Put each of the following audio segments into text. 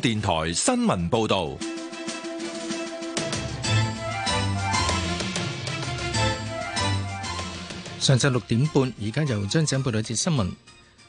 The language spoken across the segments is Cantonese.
電台新聞報道：上晝六點半，而家由張井報道一節新聞。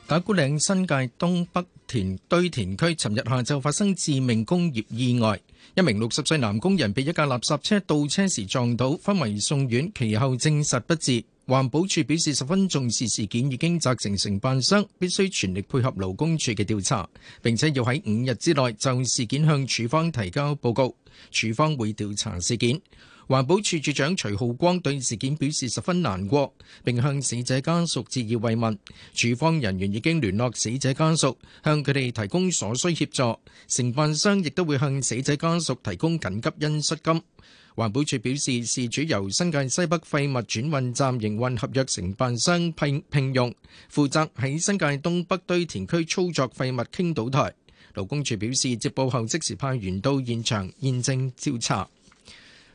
打鼓嶺新界東北田堆填區，尋日下晝發生致命工業意外，一名六十歲男工人被一架垃圾車倒車時撞到，昏迷送院，其後證實不治。環保署表示，十分重視事件，已經責成承辦商必須全力配合勞工處嘅調查，並且要喺五日之內就事件向署方提交報告。署方會調查事件。環保署署長徐浩光對事件表示十分難過，並向死者家屬致以慰問。署方人員已經聯絡死者家屬，向佢哋提供所需協助。承辦商亦都會向死者家屬提供緊急恩恤金。環保署表示，事主由新界西北廢物轉運站營運合約承辦商聘聘用，負責喺新界東北堆填區操作廢物傾倒台。勞工處表示接報後即時派員到現場驗證調查。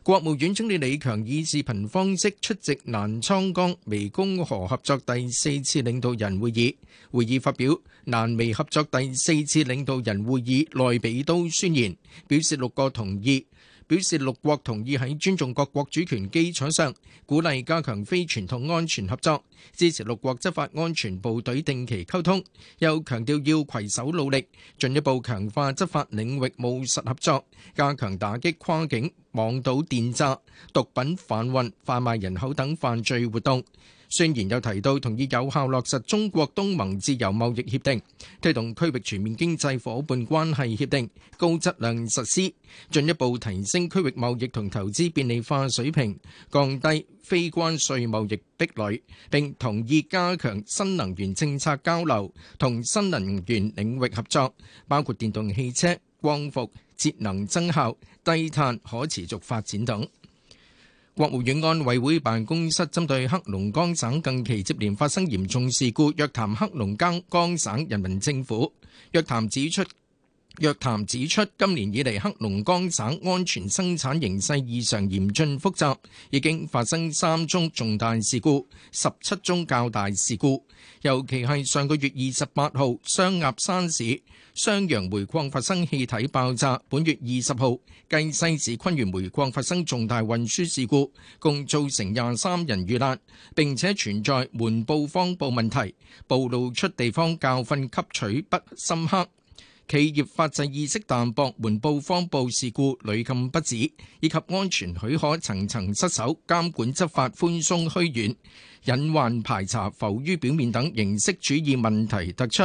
國務院總理李強以視頻方式出席瀾滄江湄公河合作第四次領導人會議，會議發表瀾湄合作第四次領導人會議內比都宣言，表示六個同意。表示六國同意喺尊重各國主權基礎上，鼓勵加強非傳統安全合作，支持六國執法安全部隊定期溝通，又強調要攜手努力，進一步強化執法領域務實合作，加強打擊跨境網賭電詐、毒品販運、販賣人口等犯罪活動。宣言又提到，同意有效落實中國東盟自由貿易協定，推動區域全面經濟夥伴關係協定高質量實施，進一步提升區域貿易同投資便利化水平，降低非關稅貿易壁壘，並同意加強新能源政策交流同新能源領域合作，包括電動汽車、光伏、節能增效、低碳、可持續發展等。國務院安委會辦公室針對黑龍江省近期接連發生嚴重事故，約談黑龍江江省人民政府。約談指出，約談指出，今年以來黑龍江省安全生產形勢異常嚴峻複雜，已經發生三宗重大事故，十七宗較大事故。尤其係上個月二十八號，雙鴨山市雙陽煤礦發生氣體爆炸；本月二十號，雞西市昆源煤礦發生重大運輸事故，共造成廿三人遇難。並且存在瞞報、謊報問題，暴露出地方教訓吸取不深刻。企業法制意識淡薄，瞞報、謊報事故屢禁不止，以及安全許可層層失守、監管執法寬鬆虛軟、隱患排查浮於表面等形式主義問題突出。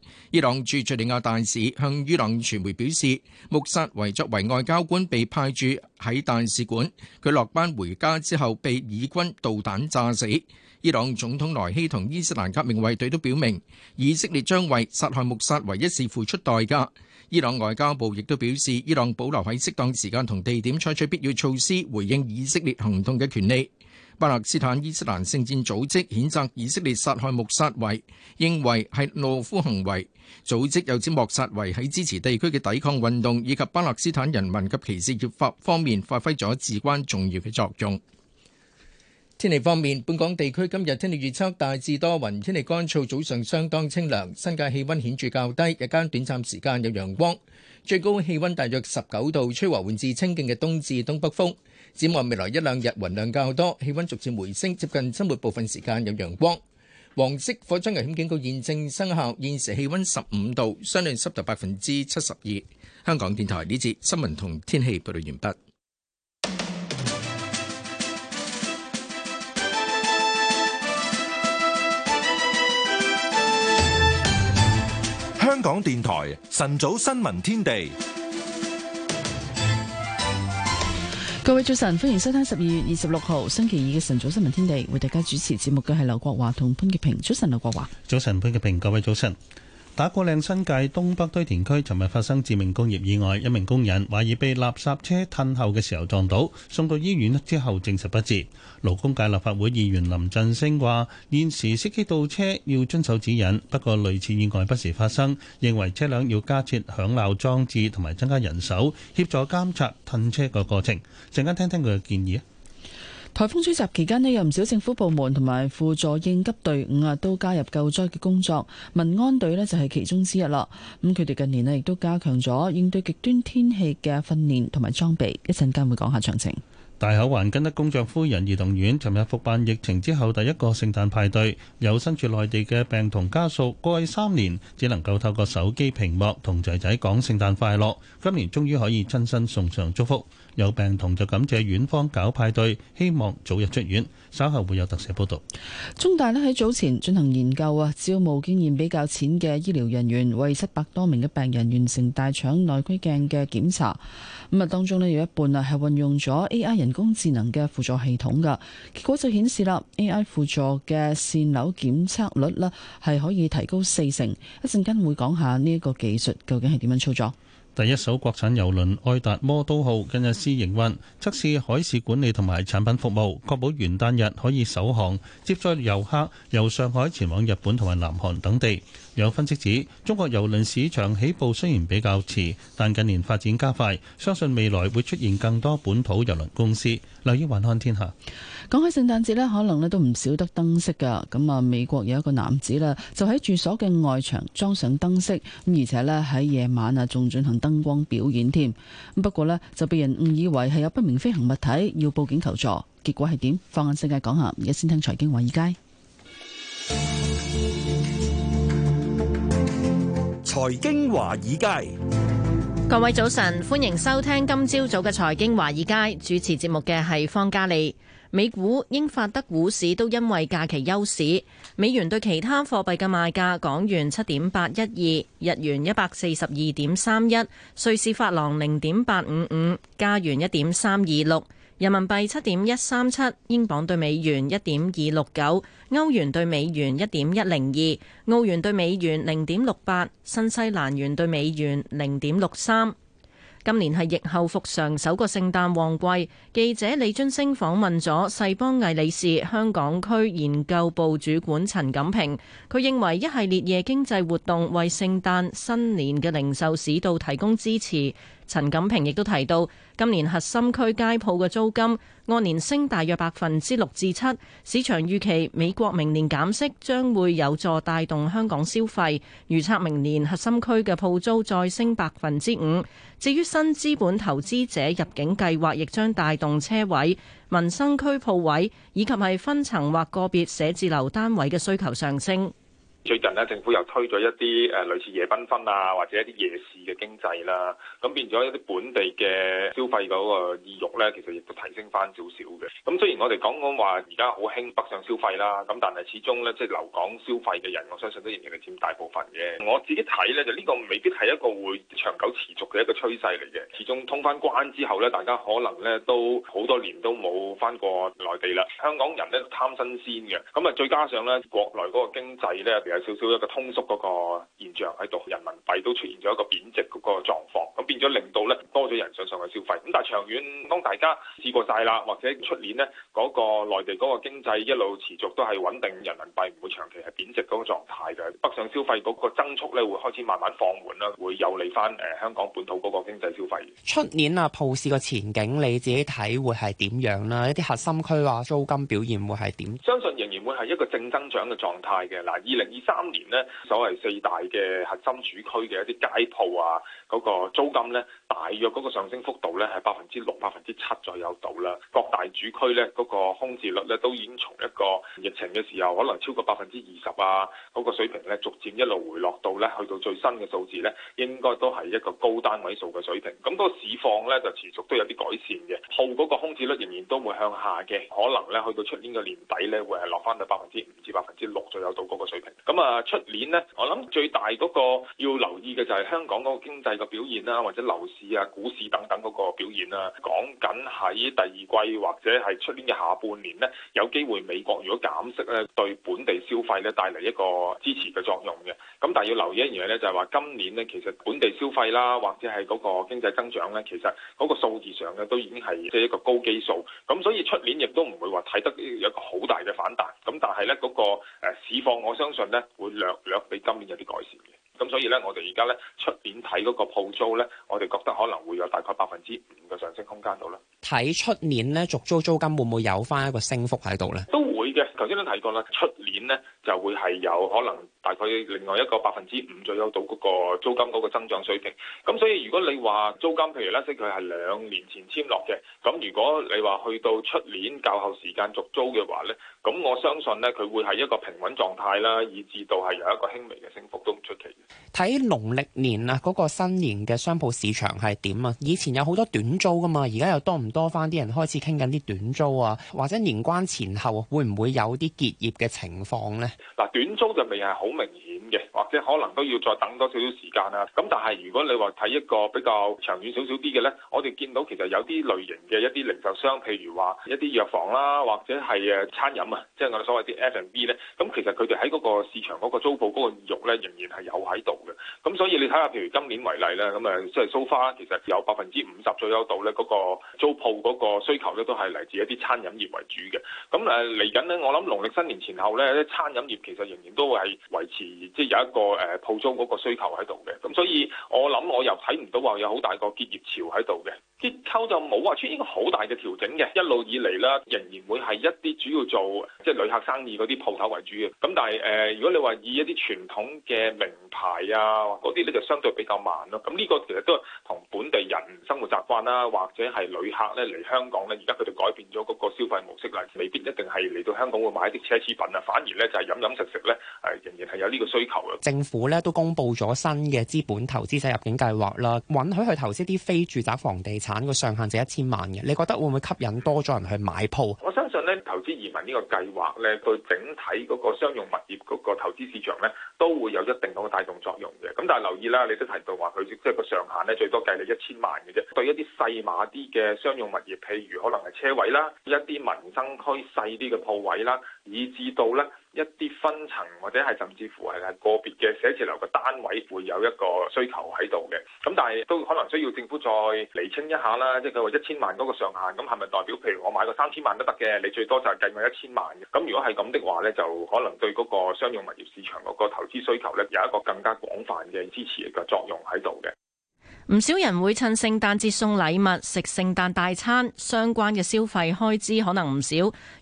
伊朗駐敘利亞大使向伊朗傳媒表示，穆薩維作為外交官被派駐喺大使館，佢落班回家之後被以軍導彈炸死。伊朗總統萊希同伊斯蘭革命衛隊都表明，以色列將為殺害穆薩維一事付出代價。伊朗外交部亦都表示，伊朗保留喺適當時間同地點採取必要措施回應以色列行動嘅權利。巴勒斯坦伊斯蘭聖戰組織譴責以色列殺害穆薩維，認為係懦夫行為。組織又指穆薩維喺支持地區嘅抵抗運動以及巴勒斯坦人民及其事業方面發揮咗至關重要嘅作用。天氣方面，本港地區今日天氣預測大致多雲，天氣乾燥，早上相當清涼，新界氣温顯著較低，日間短暫時間有陽光，最高氣温大約十九度，吹和緩至清勁嘅東至東北風。展望未來一兩日雲量較多，氣温逐漸回升，接近週末部分時間有陽光。黃色火災危險警告現正生效，現時氣温十五度，相對濕度百分之七十二。香港電台呢節新聞同天氣報道完畢。香港電台晨早新聞天地。各位早晨，歡迎收聽十二月二十六號星期二嘅晨早新聞天地，為大家主持節目嘅係劉國華同潘潔平。早晨，劉國華。早晨，潘潔平。各位早晨。打鼓嶺新界東北堆填區，尋日發生致命工業意外，一名工人懷疑被垃圾車褪後嘅時候撞到，送到醫院之後證實不治。勞工界立法會議員林振昇話：現時司機倒車要遵守指引，不過類似意外不時發生，認為車輛要加設響鬧裝置同埋增加人手協助監察褪車嘅過程。陣間聽聽佢嘅建議。台風吹襲期間呢，有唔少政府部門同埋輔助應急隊伍啊，都加入救災嘅工作。民安隊呢就係其中之一啦。咁佢哋近年呢亦都加強咗應對極端天氣嘅訓練同埋裝備。會會一陣間會講下詳情。大口環根德公爵夫人兒童院尋日復辦疫情之後第一個聖誕派對，有身處內地嘅病童家屬，過去三年只能夠透過手機屏幕同仔仔講聖誕快樂，今年終於可以親身送上祝福。有病童就感謝院方搞派對，希望早日出院。稍後會有特寫報道。中大咧喺早前進行研究啊，招募經驗比較淺嘅醫療人員，為七百多名嘅病人完成大腸內窺鏡嘅檢查。咁啊，當中咧有一半啊係運用咗 AI 人。人工智能嘅輔助系統，嘅結果就顯示啦，AI 輔助嘅腺瘤檢測率咧係可以提高四成。一陣間會講下呢一個技術究竟係點樣操作。第一艘國產郵輪愛達魔都號近日試營運測試海事管理同埋產品服務確保元旦日可以首航，接載遊客由上海前往日本同埋南韓等地。有分析指，中國郵輪市場起步雖然比較遲，但近年發展加快，相信未來會出現更多本土郵輪公司。留意雲看天下。講起聖誕節呢可能咧都唔少得燈飾噶。咁啊，美國有一個男子啦，就喺住所嘅外牆裝上燈飾，咁而且呢喺夜晚啊，仲進行燈光表演添。不過呢，就被人誤以為係有不明飛行物體，要報警求助。結果係點？放眼世界講下，而家先聽財經華爾街。財經華爾街，各位早晨，歡迎收聽今朝早嘅財經華爾街。主持節目嘅係方嘉利。美股、英法德股市都因為假期休市。美元對其他貨幣嘅賣價：港元七點八一二，日元一百四十二點三一，瑞士法郎零點八五五，加元一點三二六。人民幣七點一三七，英鎊對美元一點二六九，歐元對美元一點一零二，澳元對美元零點六八，新西蘭元對美元零點六三。今年係疫後復常首個聖誕旺季。記者李津星訪問咗世邦魏理仕香港區研究部主管陳錦平，佢認為一系列夜經濟活動為聖誕新年嘅零售市道提供支持。陳錦平亦都提到，今年核心區街鋪嘅租金按年升大約百分之六至七，市場預期美國明年減息將會有助帶動香港消費，預測明年核心區嘅鋪租再升百分之五。至於新資本投資者入境計劃，亦將帶動車位、民生區鋪位以及係分層或個別寫字樓單位嘅需求上升。最近咧，政府又推咗一啲誒、呃、類似夜繽紛啊，或者一啲夜市嘅經濟啦，咁變咗一啲本地嘅消費嗰個意欲咧，其實亦都提升翻少少嘅。咁雖然我哋講講話而家好興北上消費啦，咁但係始終咧，即係留港消費嘅人，我相信都仍然係佔大部分嘅。我自己睇咧，就呢個未必係一個會長久持續嘅一個趨勢嚟嘅。始終通翻關之後咧，大家可能咧都好多年都冇翻過內地啦。香港人咧貪新鮮嘅，咁啊再加上咧國內嗰個經濟咧。有少少一個通縮嗰個現象喺度，人民幣都出現咗一個貶值嗰個狀況，咁變咗令到咧多咗人想上去消費。咁但係長遠當大家試過晒啦，或者出年呢嗰個內地嗰個經濟一路持續都係穩定，人民幣唔會長期係貶值嗰個狀態嘅。北上消費嗰個增速咧會開始慢慢放緩啦，會有利翻誒香港本土嗰個經濟消費。出年啊，鋪市個前景你自己睇會係點樣啦？一啲核心區啊，租金表現會係點？相信仍然會係一個正增長嘅狀態嘅。嗱，二零二三年咧，所謂四大嘅核心主區嘅一啲街鋪啊。嗰個租金呢，大約嗰個上升幅度呢係百分之六、百分之七左右到啦。各大主區呢，嗰個空置率呢，都已經從一個疫情嘅時候可能超過百分之二十啊嗰個水平呢，逐漸一路回落到呢，去到最新嘅數字呢，應該都係一個高單位數嘅水平。咁嗰個市況呢，就持續都有啲改善嘅，鋪嗰個空置率仍然都會向下嘅，可能呢，去到出年嘅年底呢，會係落翻到百分之五至百分之六左右到嗰個水平。咁啊，出年呢，我諗最大嗰個要留意嘅就係香港嗰個經濟。個表現啦，或者樓市啊、股市等等嗰個表現啦，講緊喺第二季或者係出年嘅下半年呢，有機會美國如果減息咧，對本地消費咧帶嚟一個支持嘅作用嘅。咁但係要留意一樣嘢咧，就係話今年呢，其實本地消費啦，或者係嗰個經濟增長咧，其實嗰個數字上咧都已經係即係一個高基數。咁所以出年亦都唔會話睇得有一個好大嘅反彈。咁但係咧嗰個誒市況，我相信咧會略略比今年有啲改善嘅。咁所以咧，我哋而家咧出年睇嗰個鋪租咧，我哋覺得可能會有大概百分之五嘅上升空間到啦。睇出年咧續租租金會唔會有翻一個升幅喺度咧？會嘅，頭先都提過啦，出年呢就會係有可能大概另外一個百分之五左右到嗰個租金嗰個增長水平。咁所以如果你話租金，譬如咧，即佢係兩年前簽落嘅，咁如果你話去到出年較後時間續租嘅話呢，咁我相信呢，佢會係一個平穩狀態啦，以至到係有一個輕微嘅升幅都唔出奇。睇農曆年啊，嗰個新年嘅商鋪市場係點啊？以前有好多短租㗎嘛，而家又多唔多翻啲人開始傾緊啲短租啊？或者年關前後會唔？會有啲結業嘅情況咧，嗱，短租就未係好明顯。或者可能都要再等多少少時間啦。咁但係如果你話睇一個比較長遠少少啲嘅呢，我哋見到其實有啲類型嘅一啲零售商，譬如話一啲藥房啦，或者係誒餐飲啊，即係我哋所謂啲 F&B 呢。咁其實佢哋喺嗰個市場嗰個租鋪嗰個意欲呢，仍然係有喺度嘅。咁所以你睇下，譬如今年為例咧，咁啊，即係 so far，其實有百分之五十左右度呢，嗰個租鋪嗰個需求呢，都係嚟自一啲餐飲業為主嘅。咁誒嚟緊呢，我諗農曆新年前後呢，啲餐飲業其實仍然都會係維持。即有一個誒鋪租嗰個需求喺度嘅，咁所以我諗我又睇唔到話有好大個結業潮喺度嘅，結構就冇話出現一個好大嘅調整嘅，一路以嚟咧仍然會係一啲主要做即係、就是、旅客生意嗰啲鋪頭為主嘅，咁但係誒、呃、如果你話以一啲傳統嘅名牌啊嗰啲咧就相對比較慢咯、啊，咁呢個其實都係同本地人生活習慣啦、啊，或者係旅客咧嚟香港咧，而家佢哋改變咗嗰個消費模式啦，未必一定係嚟到香港會買一啲奢侈品啊，反而咧就係、是、飲飲食食咧誒仍然係有呢個需求。政府咧都公布咗新嘅資本投資者入境計劃啦，允許佢投資啲非住宅房地產個上限就一千萬嘅，你覺得會唔會吸引多咗人去買鋪？我相信咧，投資移民呢個計劃咧，對整體嗰個商用物業嗰個投資市場咧，都會有一定咁嘅帶動作用嘅，咁但係留意啦，你都提到話佢即係個上限咧，最多計你一千萬嘅啫。對一啲細碼啲嘅商用物業，譬如可能係車位啦，一啲民生區細啲嘅鋪位啦，以至到呢一啲分層或者係甚至乎係個別嘅寫字樓嘅單位會有一個需求喺度嘅。咁但係都可能需要政府再釐清一下啦，即係佢話一千萬嗰個上限，咁係咪代表譬如我買個三千萬都得嘅？你最多就係計我一千萬嘅。咁如果係咁的話呢，就可能對嗰個商用物業市場嗰個投之需求咧，有一個更加廣泛嘅支持嘅作用喺度嘅。唔少人會趁聖誕節送禮物、食聖誕大餐，相關嘅消費開支可能唔少。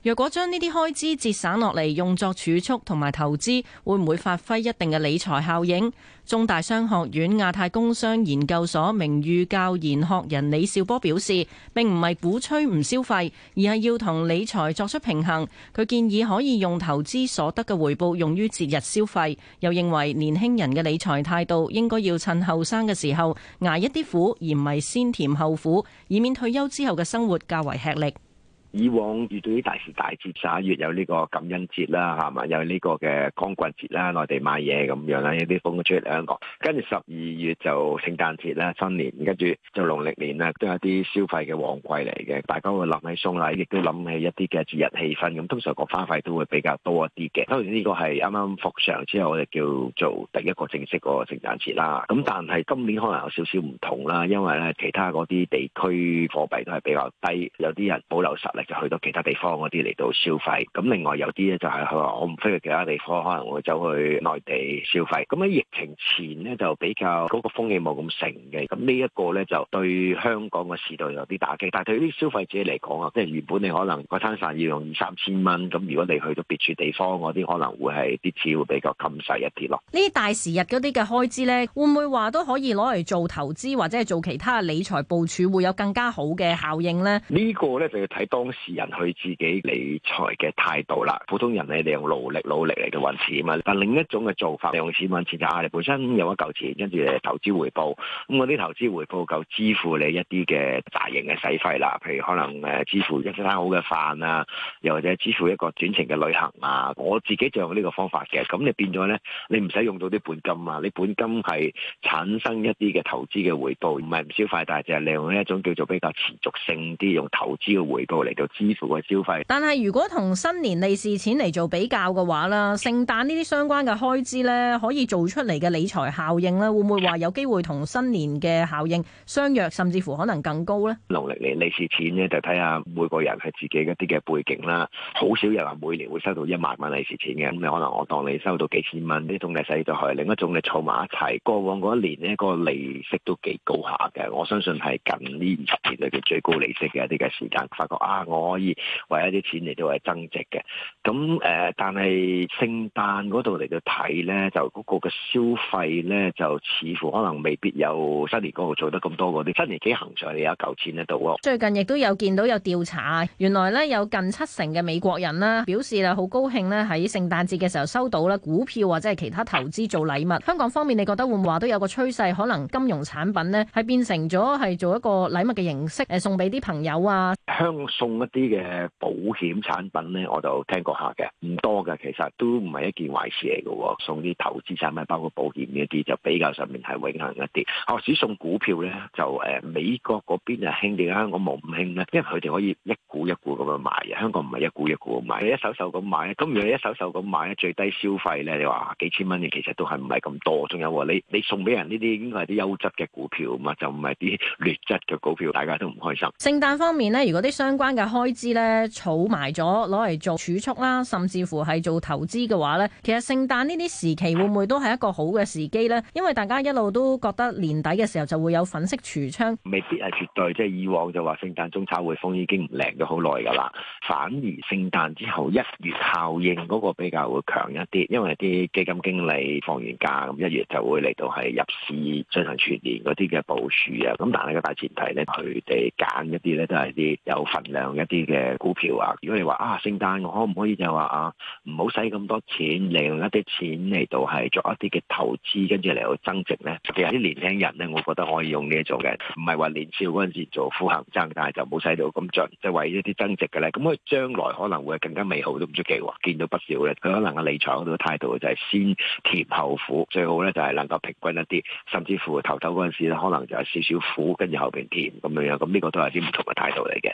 若果將呢啲開支節省落嚟，用作儲蓄同埋投資，會唔會發揮一定嘅理財效應？中大商學院亞太工商研究所名譽教研學人李兆波表示：並唔係鼓吹唔消費，而係要同理財作出平衡。佢建議可以用投資所得嘅回報用於節日消費，又認為年輕人嘅理財態度應該要趁後生嘅時候挨一啲苦，而唔係先甜後苦，以免退休之後嘅生活較為吃力。以往遇到啲大時大節，十一月有呢個感恩節啦，係嘛，有呢個嘅光棍節啦、啊，內地買嘢咁樣啦，有啲風出嚟香港。跟住十二月就聖誕節啦，新年，跟住就農曆年啦，都有啲消費嘅旺季嚟嘅。大家會諗起送禮，亦都諗起一啲嘅節日氣氛。咁通常個花費都會比較多一啲嘅。當然呢個係啱啱復常之後，我哋叫做第一個正式個聖誕節啦。咁但係今年可能有少少唔同啦，因為咧其他嗰啲地區貨幣都係比較低，有啲人保留實。就去到其他地方嗰啲嚟到消費，咁另外有啲咧就係佢話我唔飛去其他地方，可能會走去內地消費，咁喺疫情前咧就比較嗰個風氣冇咁盛嘅，咁呢一個咧就對香港嘅市道有啲打擊。但係對啲消費者嚟講啊，即係原本你可能嗰餐飯要用二三千蚊，咁如果你去到別處地方嗰啲，可能會係啲錢會比較襟使一啲咯。呢大時日嗰啲嘅開支咧，會唔會話都可以攞嚟做投資或者係做其他嘅理財部署，會有更加好嘅效應咧？個呢個咧就要睇當。市人去自己理財嘅態度啦，普通人你哋用勞力努力嚟到揾錢啊，但另一種嘅做法，利用錢揾錢就係、是啊、你本身有一嚿錢，跟住投資回報，咁嗰啲投資回報夠支付你一啲嘅大型嘅使費啦，譬如可能誒支付一餐好嘅飯啊，又或者支付一個短程嘅旅行啊，我自己就用呢個方法嘅，咁你變咗咧，你唔使用，用到啲本金啊，你本金係產生一啲嘅投資嘅回報，唔係唔消費，但係就係利用呢一種叫做比較持續性啲用投資嘅回報嚟。就支付嘅消費，但係如果同新年利是錢嚟做比較嘅話啦，聖誕呢啲相關嘅開支咧，可以做出嚟嘅理財效應咧，會唔會話有機會同新年嘅效應相約，甚至乎可能更高咧？農曆年利是錢咧，就睇下每個人係自己一啲嘅背景啦。好少人話每年會收到一萬蚊利是錢嘅，咁你可能我當你收到幾千蚊，呢種利，使咗去，另一種嚟儲埋一齊。過往嗰一年呢個利息都幾高下嘅，我相信係近呢二十年裏邊最高利息嘅一啲嘅時間，發覺啊～我可以為一啲錢嚟到係增值嘅，咁誒、呃，但係聖誕嗰度嚟到睇咧，就嗰個嘅消費咧，就似乎可能未必有新年嗰度做得咁多嗰啲，新年幾行上嚟，有嚿錢喺度。最近亦都有見到有調查，原來咧有近七成嘅美國人啦表示啦好高興咧喺聖誕節嘅時候收到啦股票或者係其他投資做禮物。香港方面，你覺得會唔會話都有個趨勢，可能金融產品咧係變成咗係做一個禮物嘅形式誒送俾啲朋友啊？香送。一啲嘅保險產品咧，我就聽過下嘅，唔多嘅，其實都唔係一件壞事嚟嘅。送啲投資產品，包括保險呢啲就比較上面係永恆一啲。哦、啊，只送股票咧就誒、呃、美國嗰邊啊興啲，香港冇咁興咧，因為佢哋可以一股一股咁樣買啊，香港唔係一股一股咁買，你一手手咁買，咁如果你一手手咁買咧，最低消費咧，你話幾千蚊嘅，其實都係唔係咁多，仲有你你送俾人呢啲應該係啲優質嘅股票嘛，就唔係啲劣質嘅股票，大家都唔開心。聖誕方面咧，如果啲相關嘅。.開支咧，儲埋咗攞嚟做儲蓄啦，甚至乎係做投資嘅話咧，其實聖誕呢啲時期會唔會都係一個好嘅時機呢？因為大家一路都覺得年底嘅時候就會有粉飾櫥窗，未必係絕對。即係以往就話聖誕中抄匯豐已經唔靚咗好耐㗎啦，反而聖誕之後一月效應嗰個比較會強一啲，因為啲基金經理放完假，咁一月就會嚟到係入市進行全年嗰啲嘅部署啊。咁但係個大前提咧，佢哋揀一啲咧都係啲有份量。一啲嘅股票啊，如果你話啊，聖誕我可唔可以就係話啊，唔好使咁多錢，利用一啲錢嚟到係作一啲嘅投資，跟住嚟到增值咧？其實啲年輕人咧，我覺得可以用呢做嘅，唔係話年少嗰陣時做苦行僧，但係就冇使到咁盡，就係，為一啲增值嘅咧。咁佢將來可能會更加美好都唔出奇喎。見到不少咧，佢可能嘅理財嗰度態度就係先甜後苦，最好咧就係，係，能夠平均一啲，甚至乎頭頭嗰陣時咧可能就係少少苦，跟住後邊甜咁樣樣，咁呢、呢個都係啲唔同嘅態度嚟嘅。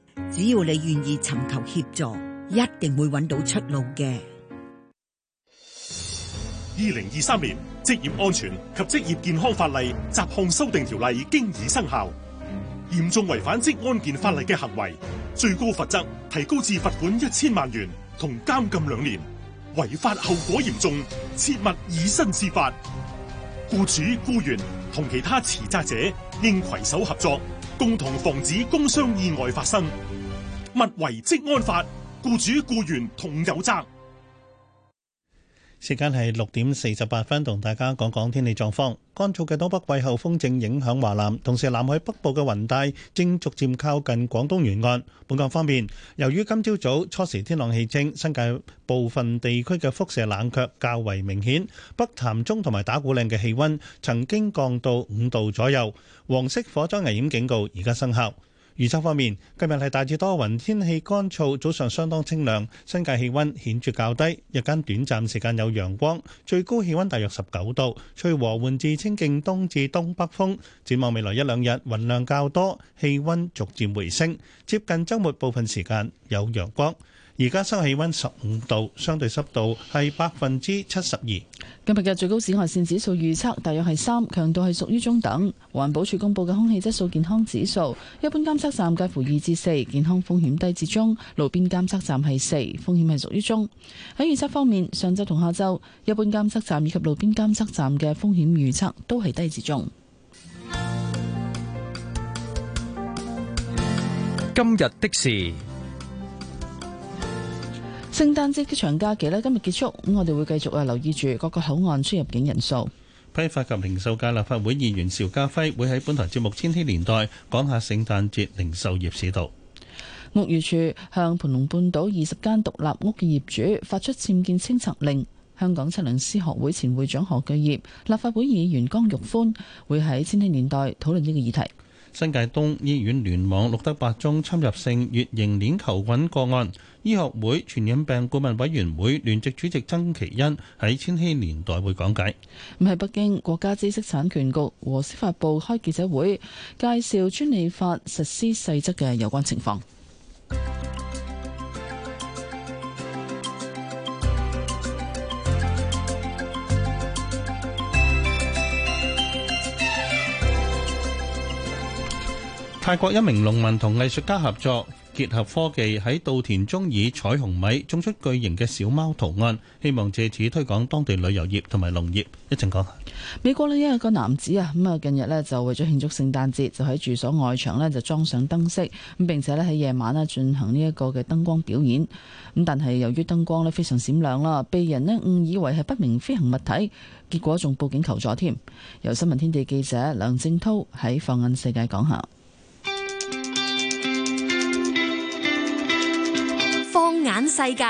只要你願意尋求協助，一定會揾到出路嘅。二零二三年職業安全及職業健康法例雜項修訂條例經已生效，嚴重違反職安健法例嘅行為，最高罰則提高至罰款一千萬元同監禁兩年。違法後果嚴重，切勿以身試法。雇主、雇員同其他持責者應攜手合作，共同防止工傷意外發生。勿違職安法，僱主僱員同有責。時間係六點四十八分，同大家講講天氣狀況。乾燥嘅東北季候風正影響華南，同時南海北部嘅雲帶正逐漸靠近廣東沿岸。本港方面，由於今朝早，早初時天朗氣清，新界部分地區嘅輻射冷卻較為明顯，北潭中同埋打鼓嶺嘅氣溫曾經降到五度左右，黃色火災危險警告而家生效。預測方面，今日係大致多雲，天氣乾燥，早上相當清涼，新界氣溫顯著較低，日間短暫時間有陽光，最高氣溫大約十九度，吹和緩至清勁東至東北風。展望未來一兩日，雲量較多，氣溫逐漸回升，接近週末部分時間有陽光。而家室氣溫十五度，相對濕度係百分之七十二。今日嘅最高紫外線指數預測大約係三，強度係屬於中等。環保署公布嘅空氣質素健康指數，一般監測站介乎二至四，健康風險低至中；路邊監測站係四，風險係屬於中。喺預測方面，上晝同下晝，一般監測站以及路邊監測站嘅風險預測都係低至中。今日的事。聖誕節長假期呢，今日結束，咁我哋會繼續啊留意住各個口岸出入境人數。批發及零售界立法會議員邵家輝會喺本台節目《千禧年代》講下聖誕節零售業市道。屋宇署向盤龍半島二十間獨立屋嘅業主發出僭建清拆令。香港測量師學會前會長何鉅業、立法會議員江玉歡會喺《千禧年代》討論呢個議題。新界東醫院聯網錄得八宗侵入性乙型鏈球菌個案，醫學會傳染病顧問委員會聯席主席曾其恩喺千禧年代會講解。咁喺北京，國家知識產權局和司法部開記者會，介紹專利法實施細則嘅有關情況。泰國一名農民同藝術家合作，結合科技喺稻田中以彩虹米種出巨型嘅小貓圖案，希望借此推廣當地旅遊業同埋農業。一陣講。美國咧，有一個男子啊，咁啊，近日呢，就為咗慶祝聖誕節，就喺住所外牆呢就裝上燈飾咁，並且呢喺夜晚啊進行呢一個嘅燈光表演咁。但係由於燈光咧非常閃亮啦，被人咧誤以為係不明飛行物體，結果仲報警求助添。由新聞天地記者梁正濤喺放眼世界講下。眼世界。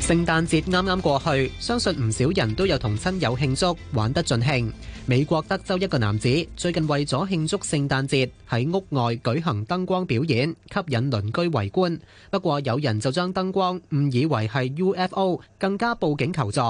聖誕節啱啱過去，相信唔少人都有同親友慶祝，玩得盡興。美國德州一個男子最近為咗慶祝聖誕節，喺屋外舉行燈光表演，吸引鄰居圍觀。不過有人就將燈光誤以為係 UFO，更加報警求助。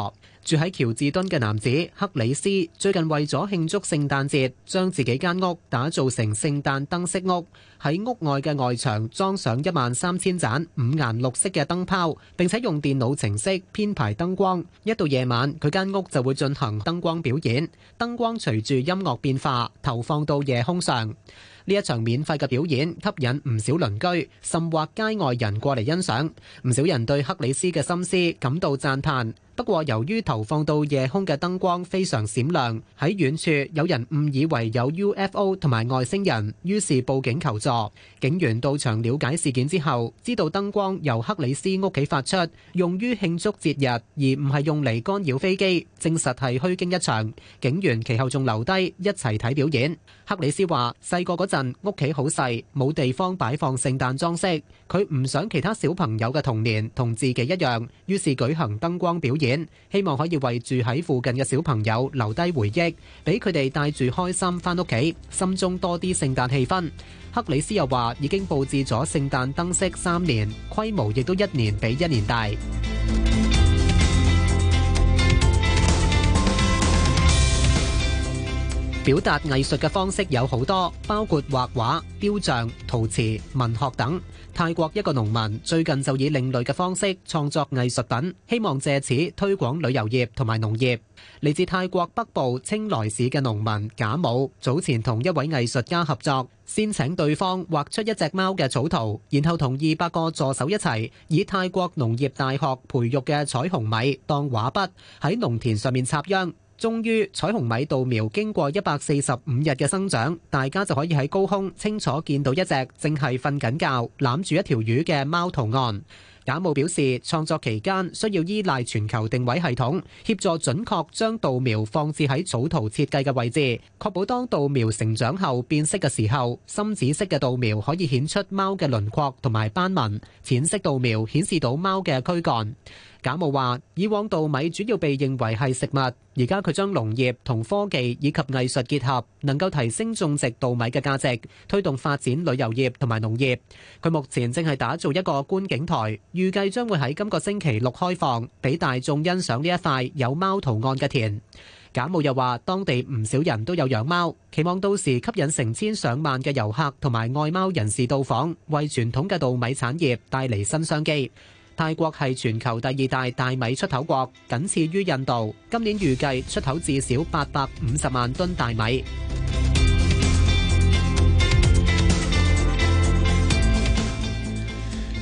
住喺喬治敦嘅男子克里斯最近為咗慶祝聖誕節，將自己間屋打造成聖誕燈飾屋，喺屋外嘅外牆裝上一萬三千盞五顏六色嘅燈泡，並且用電腦程式編排燈光。一到夜晚，佢間屋就會進行燈光表演，燈光隨住音樂變化投放到夜空上。呢一場免費嘅表演吸引唔少鄰居，甚或街外人過嚟欣賞，唔少人對克里斯嘅心思感到讚嘆。不過，由於投放到夜空嘅燈光非常閃亮，喺遠處有人誤以為有 UFO 同埋外星人，於是報警求助。警員到場了解事件之後，知道燈光由克里斯屋企發出，用於慶祝節日，而唔係用嚟干擾飛機，證實係虛驚一場。警員其後仲留低一齊睇表演。克里斯話：細個嗰陣屋企好細，冇地方擺放聖誕裝飾，佢唔想其他小朋友嘅童年同自己一樣，於是舉行燈光表演，希望可以為住喺附近嘅小朋友留低回憶，俾佢哋帶住開心返屋企，心中多啲聖誕氣氛。克里斯又話：已經佈置咗聖誕燈飾三年，規模亦都一年比一年大。表達藝術嘅方式有好多，包括畫畫、雕像、陶瓷、文學等。泰國一個農民最近就以另類嘅方式創作藝術品，希望借此推廣旅遊業同埋農業。嚟自泰國北部清萊市嘅農民賈武，早前同一位藝術家合作，先請對方畫出一隻貓嘅草圖，然後同二百個助手一齊，以泰國農業大學培育嘅彩虹米當畫筆，喺農田上面插秧。終於，終於彩虹米稻苗經過一百四十五日嘅生長，大家就可以喺高空清楚見到一隻正係瞓緊覺攬住一條魚嘅貓圖案。雅務表示，創作期間需要依賴全球定位系統協助準確將稻苗放置喺草圖設計嘅位置，確保當稻苗成長後變色嘅時候，深紫色嘅稻苗可以顯出貓嘅輪廓同埋斑紋，淺色稻苗顯示到貓嘅軀幹。賈茂話：以往稻米主要被認為係食物，而家佢將農業同科技以及藝術結合，能夠提升種植稻米嘅價值，推動發展旅遊業同埋農業。佢目前正係打造一個觀景台，預計將會喺今個星期六開放俾大眾欣賞呢一塊有貓圖案嘅田。賈茂又話：當地唔少人都有養貓，期望到時吸引成千上萬嘅遊客同埋愛貓人士到訪，為傳統嘅稻米產業帶嚟新商機。泰國係全球第二大大米出口國，僅次於印度。今年預計出口至少八百五十萬噸大米。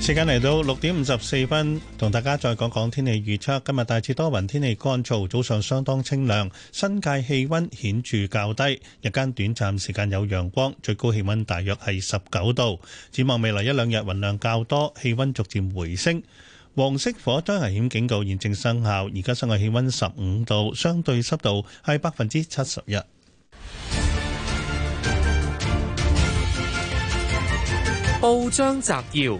時間嚟到六點五十四分，同大家再講講天氣預測。今日大致多雲，天氣乾燥，早上相當清涼，新界氣溫顯著較低，日間短暫時間有陽光，最高氣溫大約係十九度。展望未來一兩日，雲量較多，氣溫逐漸回升。黃色火災危險警告現正生效，而家室外氣溫十五度，相對濕度係百分之七十一。報章摘要。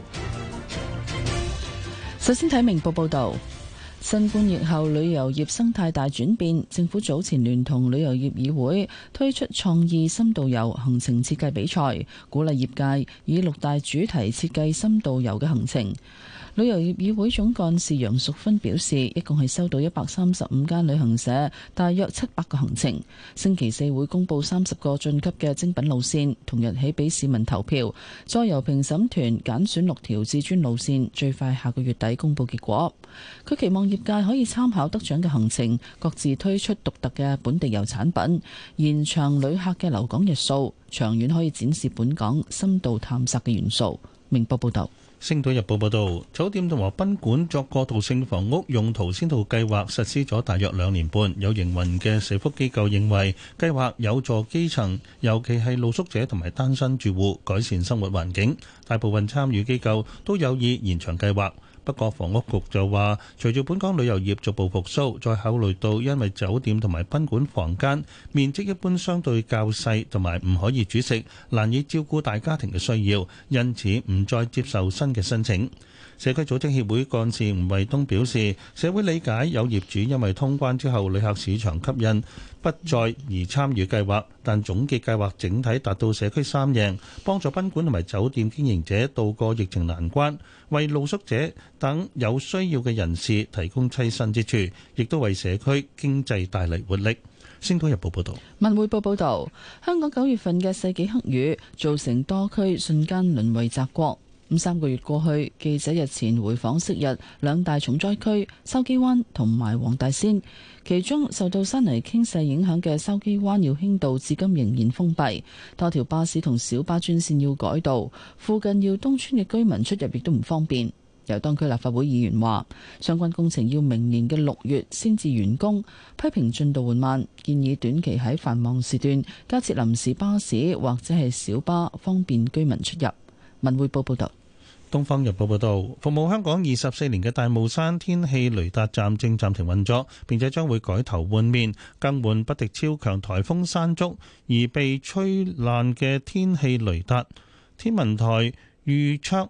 首先睇明報報道。新冠疫後旅遊業生態大轉變，政府早前聯同旅遊業議會推出創意深度遊行程設計比賽，鼓勵業界以六大主題設計深度遊嘅行程。旅遊業議會總幹事楊淑芬表示，一共係收到一百三十五間旅行社，大約七百個行程。星期四會公布三十個晉級嘅精品路綫，同日起俾市民投票，再由評審團揀選六條至尊路綫，最快下個月底公布結果。佢期望，業界可以參考得獎嘅行程，各自推出獨特嘅本地遊產品，延長旅客嘅留港日數。長遠可以展示本港深度探索嘅元素。明報報道。星島日報報道，酒店同和賓館作過渡性房屋用途先導計劃實施咗大約兩年半，有營運嘅社福機構認為，計劃有助基層，尤其係露宿者同埋單身住戶改善生活環境。大部分參與機構都有意延長計劃。不過，房屋局就話，隨住本港旅遊業逐步復甦，再考慮到因為酒店同埋賓館房間面積一般相對較細，同埋唔可以煮食，難以照顧大家庭嘅需要，因此唔再接受新嘅申請。社區組織協會幹事吳惠東表示，社會理解有業主因為通關之後旅客市場吸引，不再而參與計劃，但總結計劃整體達到社區三贏，幫助賓館同埋酒店經營者渡過疫情難關，為露宿者等有需要嘅人士提供棲身之處，亦都為社區經濟帶嚟活力。星島日報報道。文匯報報道，香港九月份嘅世紀黑雨造成多區瞬間淪為澤國。咁三個月過去，記者日前回訪昔日兩大重災區筲箕灣同埋黃大仙，其中受到山泥傾瀉影響嘅筲箕灣耀興道至今仍然封閉，多條巴士同小巴專線要改道，附近耀東村嘅居民出入亦都唔方便。有當區立法會議員話，相關工程要明年嘅六月先至完工，批評進度緩慢，建議短期喺繁忙時段加設臨時巴士或者係小巴，方便居民出入。文匯報報道。《東方日報》報道，服務香港二十四年嘅大霧山天氣雷達站正暫停運作，並且將會改頭換面，更換不敵超強颱風山竹而被吹爛嘅天氣雷達。天文台預測，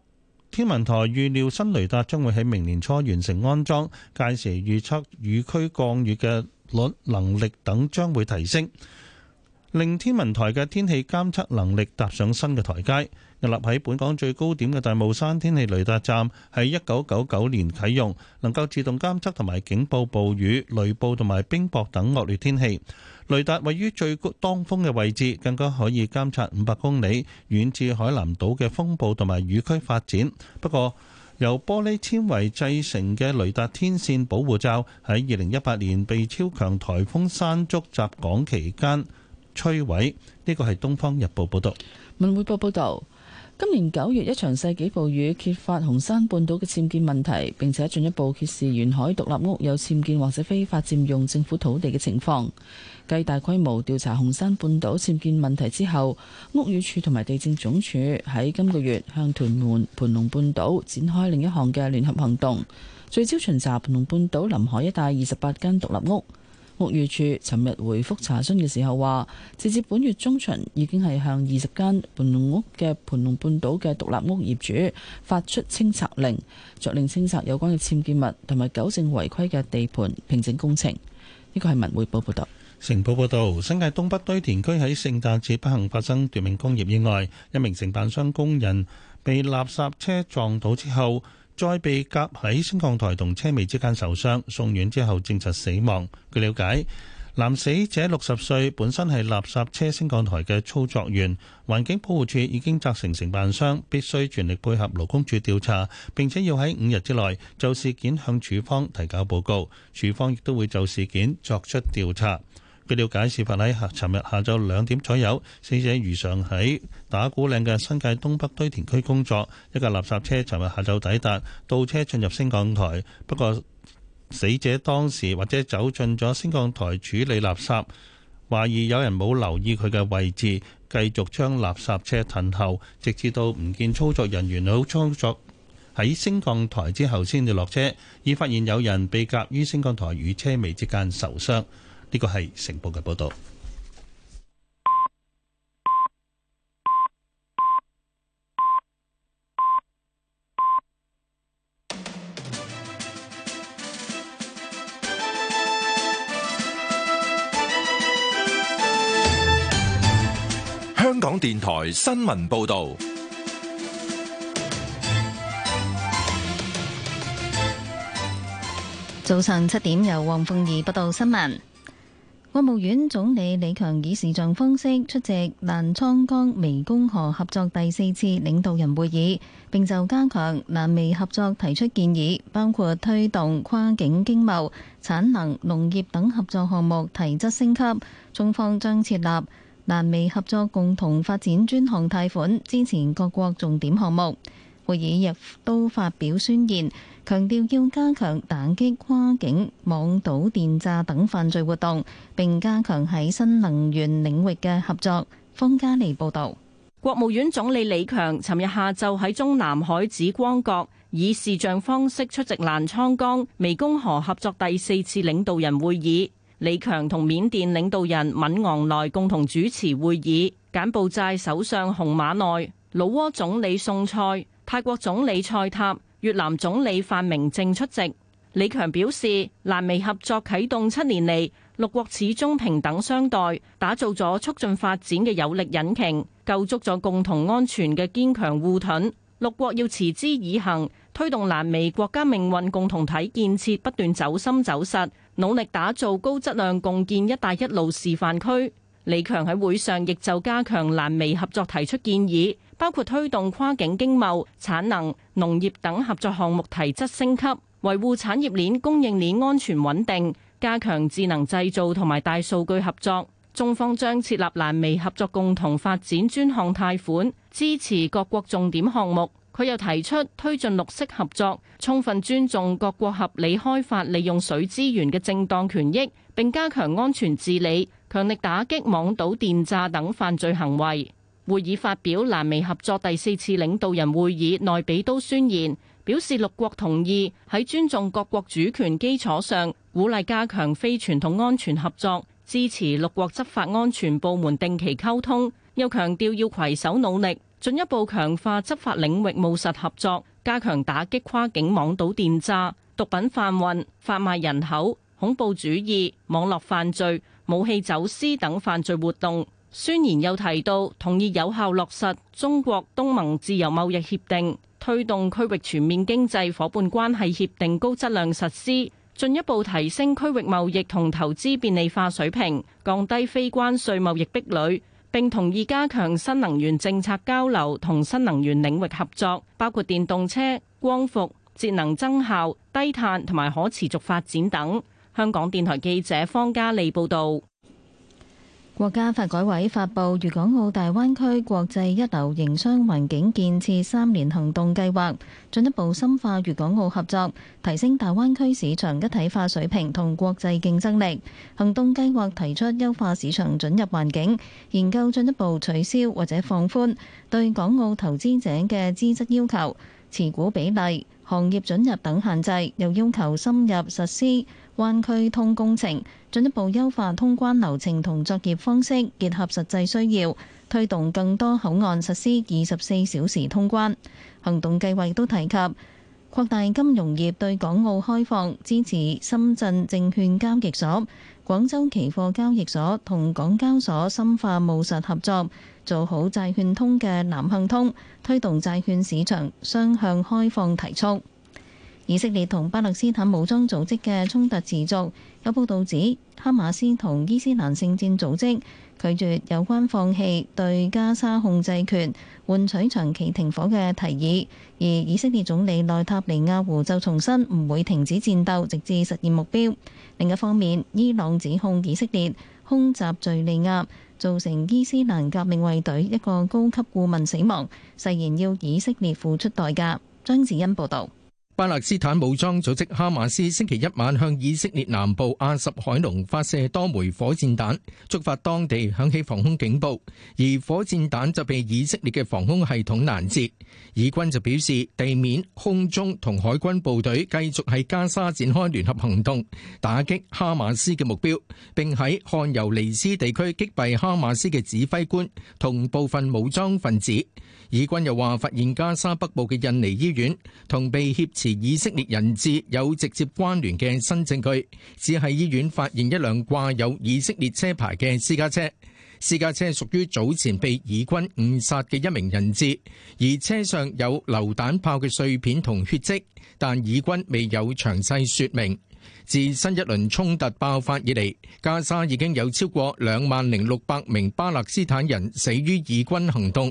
天文台預料新雷達將會喺明年初完成安裝，屆時預測雨區降雨嘅率能力等將會提升，令天文台嘅天氣監測能力踏上新嘅台階。立喺本港最高點嘅大帽山天氣雷達站喺一九九九年啟用，能夠自動監測同埋警報暴雨、雷暴同埋冰雹等惡劣天氣。雷達位於最高當風嘅位置，更加可以監察五百公里遠至海南島嘅風暴同埋雨區發展。不過，由玻璃纖維製成嘅雷達天線保護罩喺二零一八年被超強颱風山竹襲港期間摧毀。呢個係《東方日報》報道，《文匯報》報道。今年九月，一場世紀暴雨揭發紅山半島嘅僭建問題，並且進一步揭示沿海獨立屋有僭建或者非法佔用政府土地嘅情況。繼大規模調查紅山半島僭建問題之後，屋宇署同埋地政總署喺今個月向屯門盤龍半島展開另一項嘅聯合行動，聚焦巡查盤龍半島臨海一帶二十八間獨立屋。屋宇處尋日回復查詢嘅時候話，截至本月中旬已經係向二十間盤龍屋嘅盤龍半島嘅獨立屋業主發出清拆令，着令清拆有關嘅僭建物同埋糾正違規嘅地盤平整工程。呢個係文匯報報道。成報報道，新界東北堆填區喺聖誕節不幸發生奪命工業意外，一名承辦商工人被垃圾車撞倒之後。再被夾喺升降台同車尾之間受傷，送院之後證實死亡。據了解，男死者六十歲本身係垃圾車升降台嘅操作員，環境保護署已經責成承辦商必須全力配合勞工處調查，並且要喺五日之內就事件向署方提交報告。署方亦都會就事件作出調查。據了解，事發喺尋日下晝兩點左右，死者如常喺打鼓嶺嘅新界東北堆填區工作。一架垃圾車尋日下晝抵達，倒車進入升降台，不過死者當時或者走進咗升降台處理垃圾，懷疑有人冇留意佢嘅位置，繼續將垃圾車褪後，直至到唔見操作人員好操作喺升降台之後，先至落車，而發現有人被夾於升降台與車尾之間受傷。呢個係成報嘅報道。香港電台新聞報道。早上七點由、由黃鳳儀報道新聞。國務院總理李強以視像方式出席瀾滄江湄公河合作第四次領導人會議，並就加強瀾湄合作提出建議，包括推動跨境經貿、產能、農業等合作項目提質升級，中方將設立瀾湄合作共同發展專項貸款，支持各國重點項目。會議亦都發表宣言，強調要加強打擊跨境網賭電詐等犯罪活動，並加強喺新能源領域嘅合作。方家莉報導，國務院總理李強尋日下晝喺中南海紫光閣以視像方式出席瀾滄江湄公河合作第四次領導人會議。李強同緬甸領導人敏昂萊共同主持會議，柬埔寨首相洪馬內、老撾總理宋賽。泰國總理蔡塔、越南總理范明政出席。李強表示，瀾湄合作啟動七年嚟，六國始終平等相待，打造咗促進發展嘅有力引擎，構築咗共同安全嘅堅強護盾。六國要持之以恒，推動瀾湄國家命運共同體建設不斷走深走實，努力打造高質量共建“一帶一路”示範區。李強喺會上亦就加強瀾湄合作提出建議。包括推動跨境經貿、產能、農業等合作項目提質升級，維護產業鏈、供應鏈安全穩定，加強智能製造同埋大數據合作。中方將設立瀾湄合作共同發展專項貸款，支持各國重點項目。佢又提出推進綠色合作，充分尊重各國合理開發利用水資源嘅正當權益，並加強安全治理，強力打擊網賭、電詐等犯罪行為。會議發表瀾湄合作第四次領導人會議內比都宣言，表示六國同意喺尊重各國主權基礎上，鼓勵加強非傳統安全合作，支持六國執法安全部門定期溝通，又強調要攜手努力，進一步強化執法領域務實合作，加強打擊跨境網賭、電詐、毒品販運、販賣人口、恐怖主義、網絡犯罪、武器走私等犯罪活動。宣言又提到，同意有效落實中國東盟自由貿易協定，推動區域全面經濟夥伴關係協定高質量實施，進一步提升區域貿易同投資便利化水平，降低非關稅貿易壁壘，並同意加強新能源政策交流同新能源領域合作，包括電動車、光伏、節能增效、低碳同埋可持續發展等。香港電台記者方嘉莉報道。國家發改委發布《粵港澳大灣區國際一流營商環境建設三年行動計劃》，進一步深化粵港澳合作，提升大灣區市場一體化水平同國際競爭力。行動計劃提出優化市場准入環境，研究進一步取消或者放寬對港澳投資者嘅資質要求、持股比例、行業准入等限制，又要求深入實施灣區通工程。進一步優化通關流程同作業方式，結合實際需要，推動更多口岸實施二十四小時通關。行動計劃都提及擴大金融業對港澳開放，支持深圳證券交易所、廣州期貨交易所同港交所深化務實合作，做好債券通嘅南向通，推動債券市場雙向開放提速。以色列同巴勒斯坦武裝組織嘅衝突持續。有報道指，哈馬斯同伊斯蘭聖戰組織拒絕有關放棄對加沙控制權、換取長期停火嘅提議，而以色列總理內塔尼亞胡就重申唔會停止戰鬥，直至實現目標。另一方面，伊朗指控以色列空襲敍利亞，造成伊斯蘭革命衛隊一個高級顧問死亡，誓言要以色列付出代價。張子欣報導。巴勒斯坦武裝組織哈馬斯星期一晚向以色列南部亞什海龍發射多枚火箭彈，觸發當地響起防空警報，而火箭彈就被以色列嘅防空系統攔截。以軍就表示，地面、空中同海軍部隊繼續喺加沙展開聯合行動，打擊哈馬斯嘅目標，並喺漢尤尼斯地區擊斃哈馬斯嘅指揮官同部分武裝分子。以軍又話發現加沙北部嘅印尼醫院同被挾持以色列人質有直接關聯嘅新證據，只係醫院發現一輛掛有以色列車牌嘅私家車，私家車屬於早前被以軍誤殺嘅一名人質，而車上有榴彈炮嘅碎片同血跡，但以軍未有詳細說明。自新一輪衝突爆發以嚟，加沙已經有超過兩萬零六百名巴勒斯坦人死於以軍行動。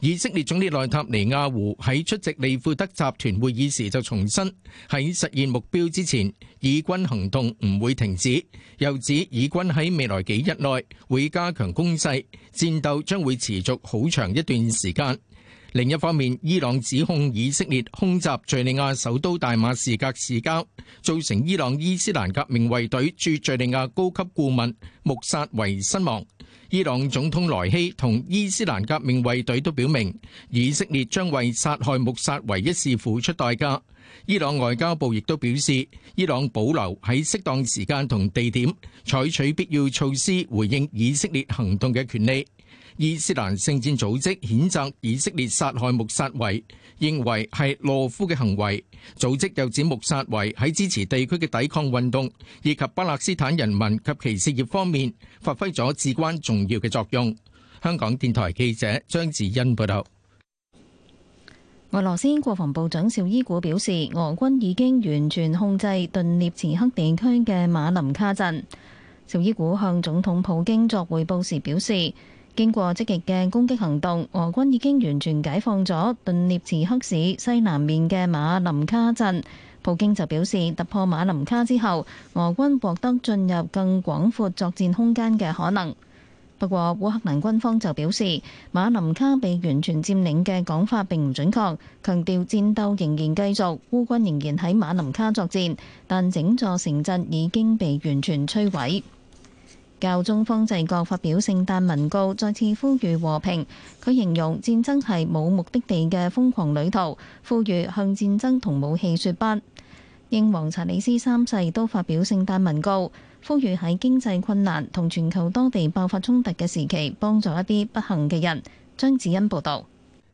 以色列總理內塔尼亞胡喺出席利庫德集團會議時就重申，喺實現目標之前，以軍行動唔會停止。又指以軍喺未來幾日內會加強攻勢，戰鬥將會持續好長一段時間。另一方面，伊朗指控以色列空襲敘利亞首都大馬士革市郊，造成伊朗伊斯蘭革命衛隊駐敘利亞高級顧問穆薩維身亡。伊朗總統萊希同伊斯蘭革命衛隊都表明，以色列將為殺害穆薩維一事付出代價。伊朗外交部亦都表示，伊朗保留喺適當時間同地點，採取必要措施回應以色列行動嘅權利。伊斯蘭聖戰組織譴責以色列殺害穆薩維，認為係懦夫嘅行為。組織又指穆薩維喺支持地區嘅抵抗運動以及巴勒斯坦人民及其事業方面發揮咗至關重要嘅作用。香港電台記者張志恩報道。俄羅斯國防部長邵伊古表示，俄軍已經完全控制頓涅茨克地區嘅馬林卡鎮。邵伊古向總統普京作匯報時表示，經過積極嘅攻擊行動，俄軍已經完全解放咗頓涅茨克市西南面嘅馬林卡鎮。普京就表示，突破馬林卡之後，俄軍獲得進入更廣闊作戰空間嘅可能。不過，烏克蘭軍方就表示，馬林卡被完全佔領嘅講法並唔準確，強調戰鬥仍然繼續，烏軍仍然喺馬林卡作戰，但整座城鎮已經被完全摧毀。教宗方濟各發表聖誕文告，再次呼籲和平。佢形容戰爭係冇目的地嘅瘋狂旅途，呼籲向戰爭同武器說不。英皇查理斯三世都發表聖誕文告，呼籲喺經濟困難同全球多地爆發衝突嘅時期，幫助一啲不幸嘅人。張子欣報道。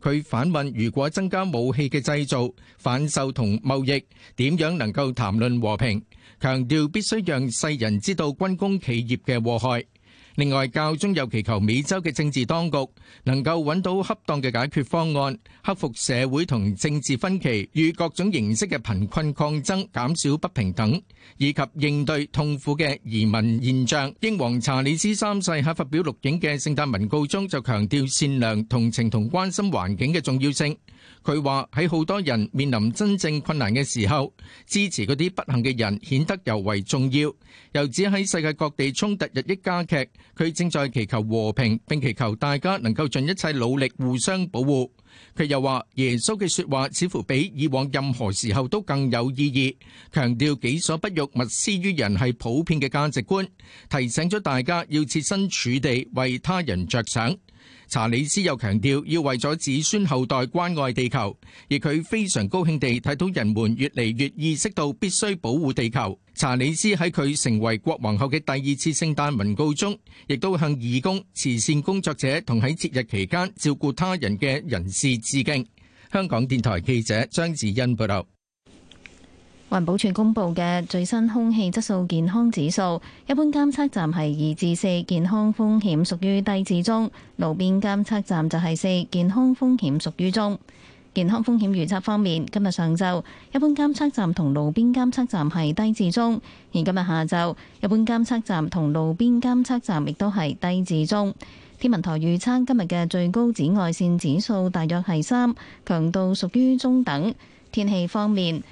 佢反問，如果增加武器嘅製造、販售同貿易，點樣能夠談論和平？強調必須讓世人知道軍工企業嘅禍害。另外，教宗又祈求美洲嘅政治當局能夠揾到恰當嘅解決方案，克服社會同政治分歧，與各種形式嘅貧困抗爭，減少不平等，以及應對痛苦嘅移民現象。英王查理斯三世喺發表錄影嘅聖誕文告中，就強調善良、同情同關心環境嘅重要性。佢話喺好多人面臨真正困難嘅時候，支持嗰啲不幸嘅人顯得尤為重要。又指喺世界各地衝突日益加劇，佢正在祈求和平並祈求大家能夠盡一切努力互相保護。佢又話耶穌嘅説話似乎比以往任何時候都更有意義，強調己所不欲勿施於人係普遍嘅價值觀，提醒咗大家要設身處地為他人著想。查理斯又強調要為咗子孫後代關愛地球，而佢非常高興地睇到人們越嚟越意識到必須保護地球。查理斯喺佢成為國王後嘅第二次聖誕文告中，亦都向義工、慈善工作者同喺節日期間照顧他人嘅人士致敬。香港電台記者張子欣報道。環保署公布嘅最新空氣質素健康指數，一般監測站係二至四，健康風險屬於低至中；路邊監測站就係四，健康風險屬於中。健康風險預測方面，今日上晝一般監測站同路邊監測站係低至中，而今日下晝一般監測站同路邊監測站亦都係低至中。天文台預測今日嘅最高紫外線指數大約係三，強度屬於中等。天氣方面。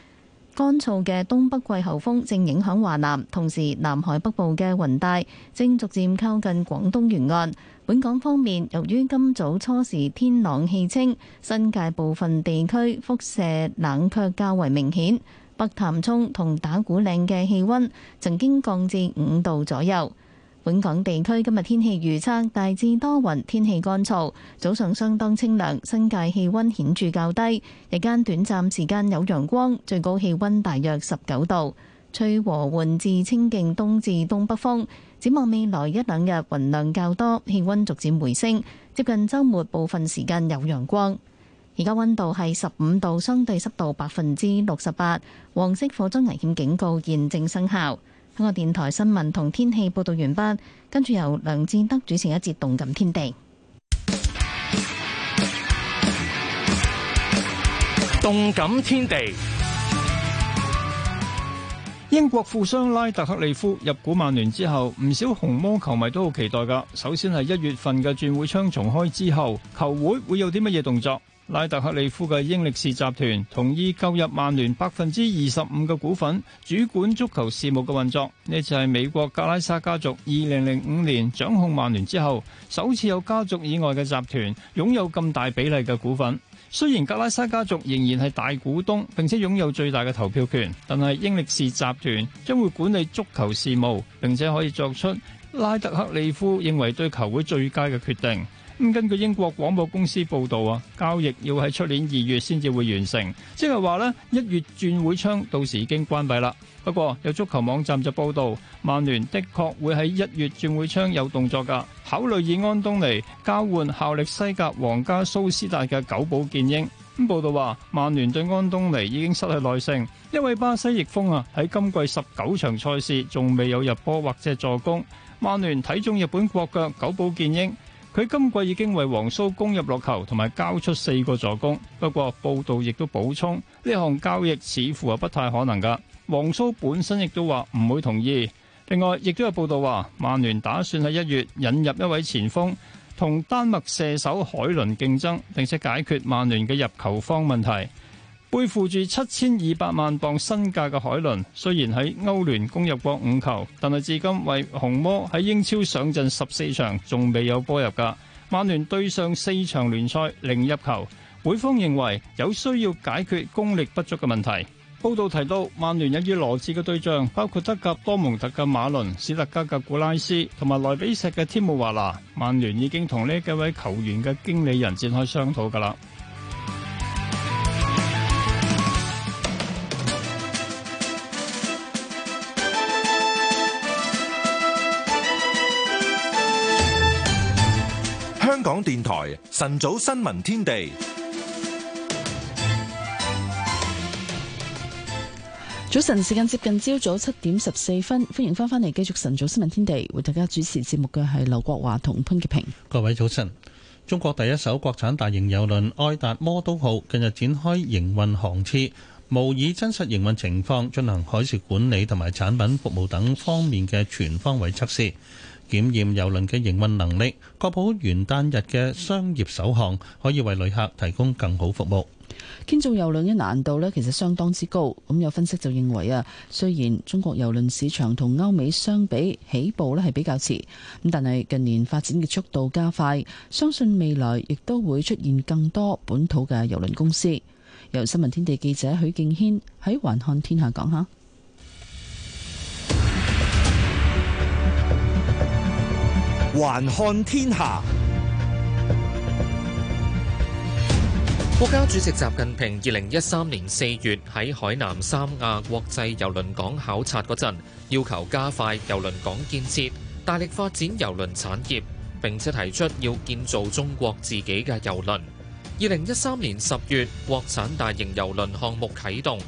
乾燥嘅東北季候風正影響華南，同時南海北部嘅雲帶正逐漸靠近廣東沿岸。本港方面，由於今早初時天朗氣清，新界部分地區輻射冷卻較為明顯，北潭涌同打鼓嶺嘅氣温曾經降至五度左右。本港地區今日天氣預測大致多雲，天氣乾燥，早上相當清涼，新界氣溫顯著較低，日間短暫時間有陽光，最高氣溫大約十九度，吹和緩至清勁東至東北風。展望未來一兩日雲量較多，氣溫逐漸回升，接近週末部分時間有陽光。而家溫度係十五度，相對濕度百分之六十八，黃色火災危險警告現正生效。香港電台新聞同天氣報道完畢，跟住由梁志德主持一節《動感天地》。《動感天地》。英國富商拉特克利夫入股曼聯之後，唔少紅魔球迷都好期待㗎。首先係一月份嘅轉會窗重開之後，球會會有啲乜嘢動作？拉特克利夫嘅英力士集團同意購入曼聯百分之二十五嘅股份，主管足球事務嘅運作。呢就係美國格拉沙家族二零零五年掌控曼聯之後，首次有家族以外嘅集團擁有咁大比例嘅股份。雖然格拉沙家族仍然係大股東，並且擁有最大嘅投票權，但係英力士集團將會管理足球事務，並且可以作出拉特克利夫認為對球會最佳嘅決定。咁根據英國廣播公司報道啊，交易要喺出年二月先至會完成，即係話咧一月轉會窗到時已經關閉啦。不過有足球網站就報道，曼聯的確會喺一月轉會窗有動作㗎，考慮以安東尼交換效力西甲皇家蘇斯達嘅久保建英。咁報道話，曼聯對安東尼已經失去耐性，因為巴西翼鋒啊喺今季十九場賽事仲未有入波或者助攻。曼聯睇中日本國腳久保建英。佢今季已經為黃蘇攻入六球，同埋交出四個助攻。不過報道亦都補充，呢項交易似乎係不太可能噶。黃蘇本身亦都話唔會同意。另外，亦都有報道話，曼聯打算喺一月引入一位前鋒，同丹麥射手海倫競爭，並且解決曼聯嘅入球方問題。背負住七千二百萬磅身價嘅海倫，雖然喺歐聯攻入過五球，但係至今為紅魔喺英超上陣十四場，仲未有波入噶。曼聯對上四場聯賽零入球，會方認為有需要解決功力不足嘅問題。報道提到，曼聯引援羅致嘅對象包括德甲多蒙特嘅馬倫、史特加嘅古拉斯同埋萊比錫嘅天姆華拿，曼聯已經同呢幾位球員嘅經理人展開商討噶啦。電台晨早新聞天地，早晨時間接近朝早七點十四分，歡迎翻返嚟繼續晨早新聞天地，為大家主持節目嘅係劉國華同潘潔平。各位早晨！中國第一艘國產大型郵輪愛達魔都號近日展開營運航次，模擬真實營運情況，進行海事管理同埋產品服務等方面嘅全方位測試。檢驗郵輪嘅營運能力，確保元旦日嘅商業首航可以為旅客提供更好服務。建造郵輪嘅難度咧，其實相當之高。咁有分析就認為啊，雖然中國郵輪市場同歐美相比起步咧係比較遲，咁但係近年發展嘅速度加快，相信未來亦都會出現更多本土嘅郵輪公司。由新聞天地記者許敬軒喺環看天下講下。環看天下。國家主席習近平二零一三年四月喺海南三亞國際郵輪港考察嗰陣，要求加快郵輪港建設，大力發展郵輪產業，並且提出要建造中國自己嘅郵輪。二零一三年十月，國產大型郵輪項目啟動，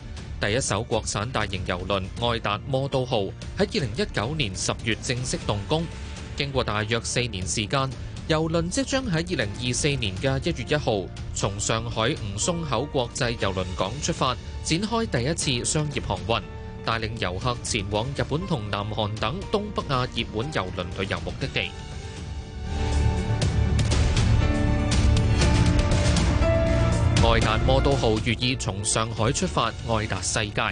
第一艘國產大型郵輪“愛達·魔都號”喺二零一九年十月正式動工。經過大約四年時間，郵輪即將喺二零二四年嘅一月一號從上海吳淞口國際郵輪港出發，展開第一次商業航運，帶領遊客前往日本同南韓等東北亞熱門郵輪旅遊目的地。 愛達魔都號寓意從上海出發，愛達世界。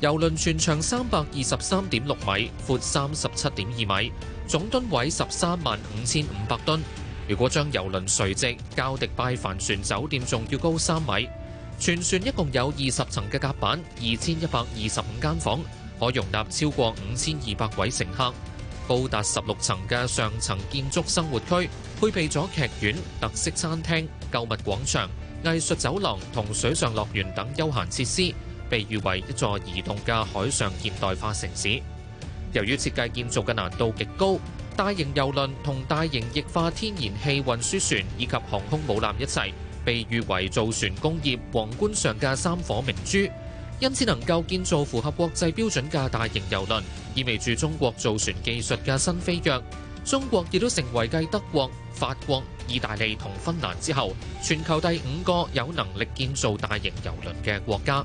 郵輪全長三百二十三點六米，闊三十七點二米。總噸位十三萬五千五百噸。如果將郵輪垂直較迪拜帆船酒店仲要高三米，全船一共有二十層嘅甲板，二千一百二十五間房，可容納超過五千二百位乘客。高達十六層嘅上層建築生活區，配備咗劇院、特色餐廳、購物廣場、藝術走廊同水上樂園等休閒設施，被譽為一座移動嘅海上現代化城市。由於設計建造嘅難度極高，大型郵輪同大型液化天然氣運輸船以及航空母艦一齊，被譽為造船工業皇冠上嘅三顆明珠。因此，能夠建造符合國際標準嘅大型郵輪，意味住中國造船技術嘅新飛躍。中國亦都成為繼德國、法國、意大利同芬蘭之後，全球第五個有能力建造大型郵輪嘅國家。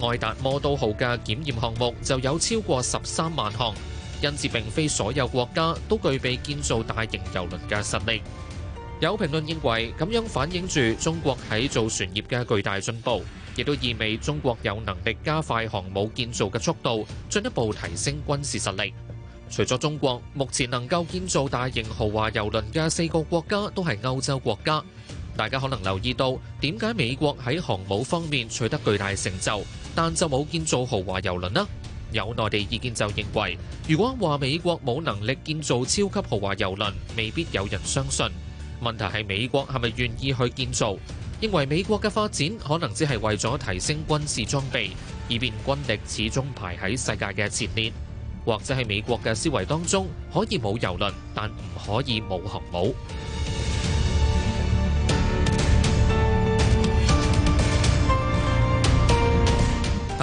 愛達摩都號嘅檢驗項目就有超過十三萬項，因此並非所有國家都具備建造大型郵輪嘅實力。有評論認為，咁樣反映住中國喺造船業嘅巨大進步，亦都意味中國有能力加快航母建造嘅速度，進一步提升軍事實力。除咗中國，目前能夠建造大型豪華郵輪嘅四個國家都係歐洲國家。大家可能留意到，點解美國喺航母方面取得巨大成就，但就冇建造豪華遊輪呢？有內地意見就認為，如果話美國冇能力建造超級豪華遊輪，未必有人相信。問題係美國係咪願意去建造？認為美國嘅發展可能只係為咗提升軍事裝備，以便軍力始終排喺世界嘅前列，或者係美國嘅思維當中可以冇遊輪，但唔可以冇航母。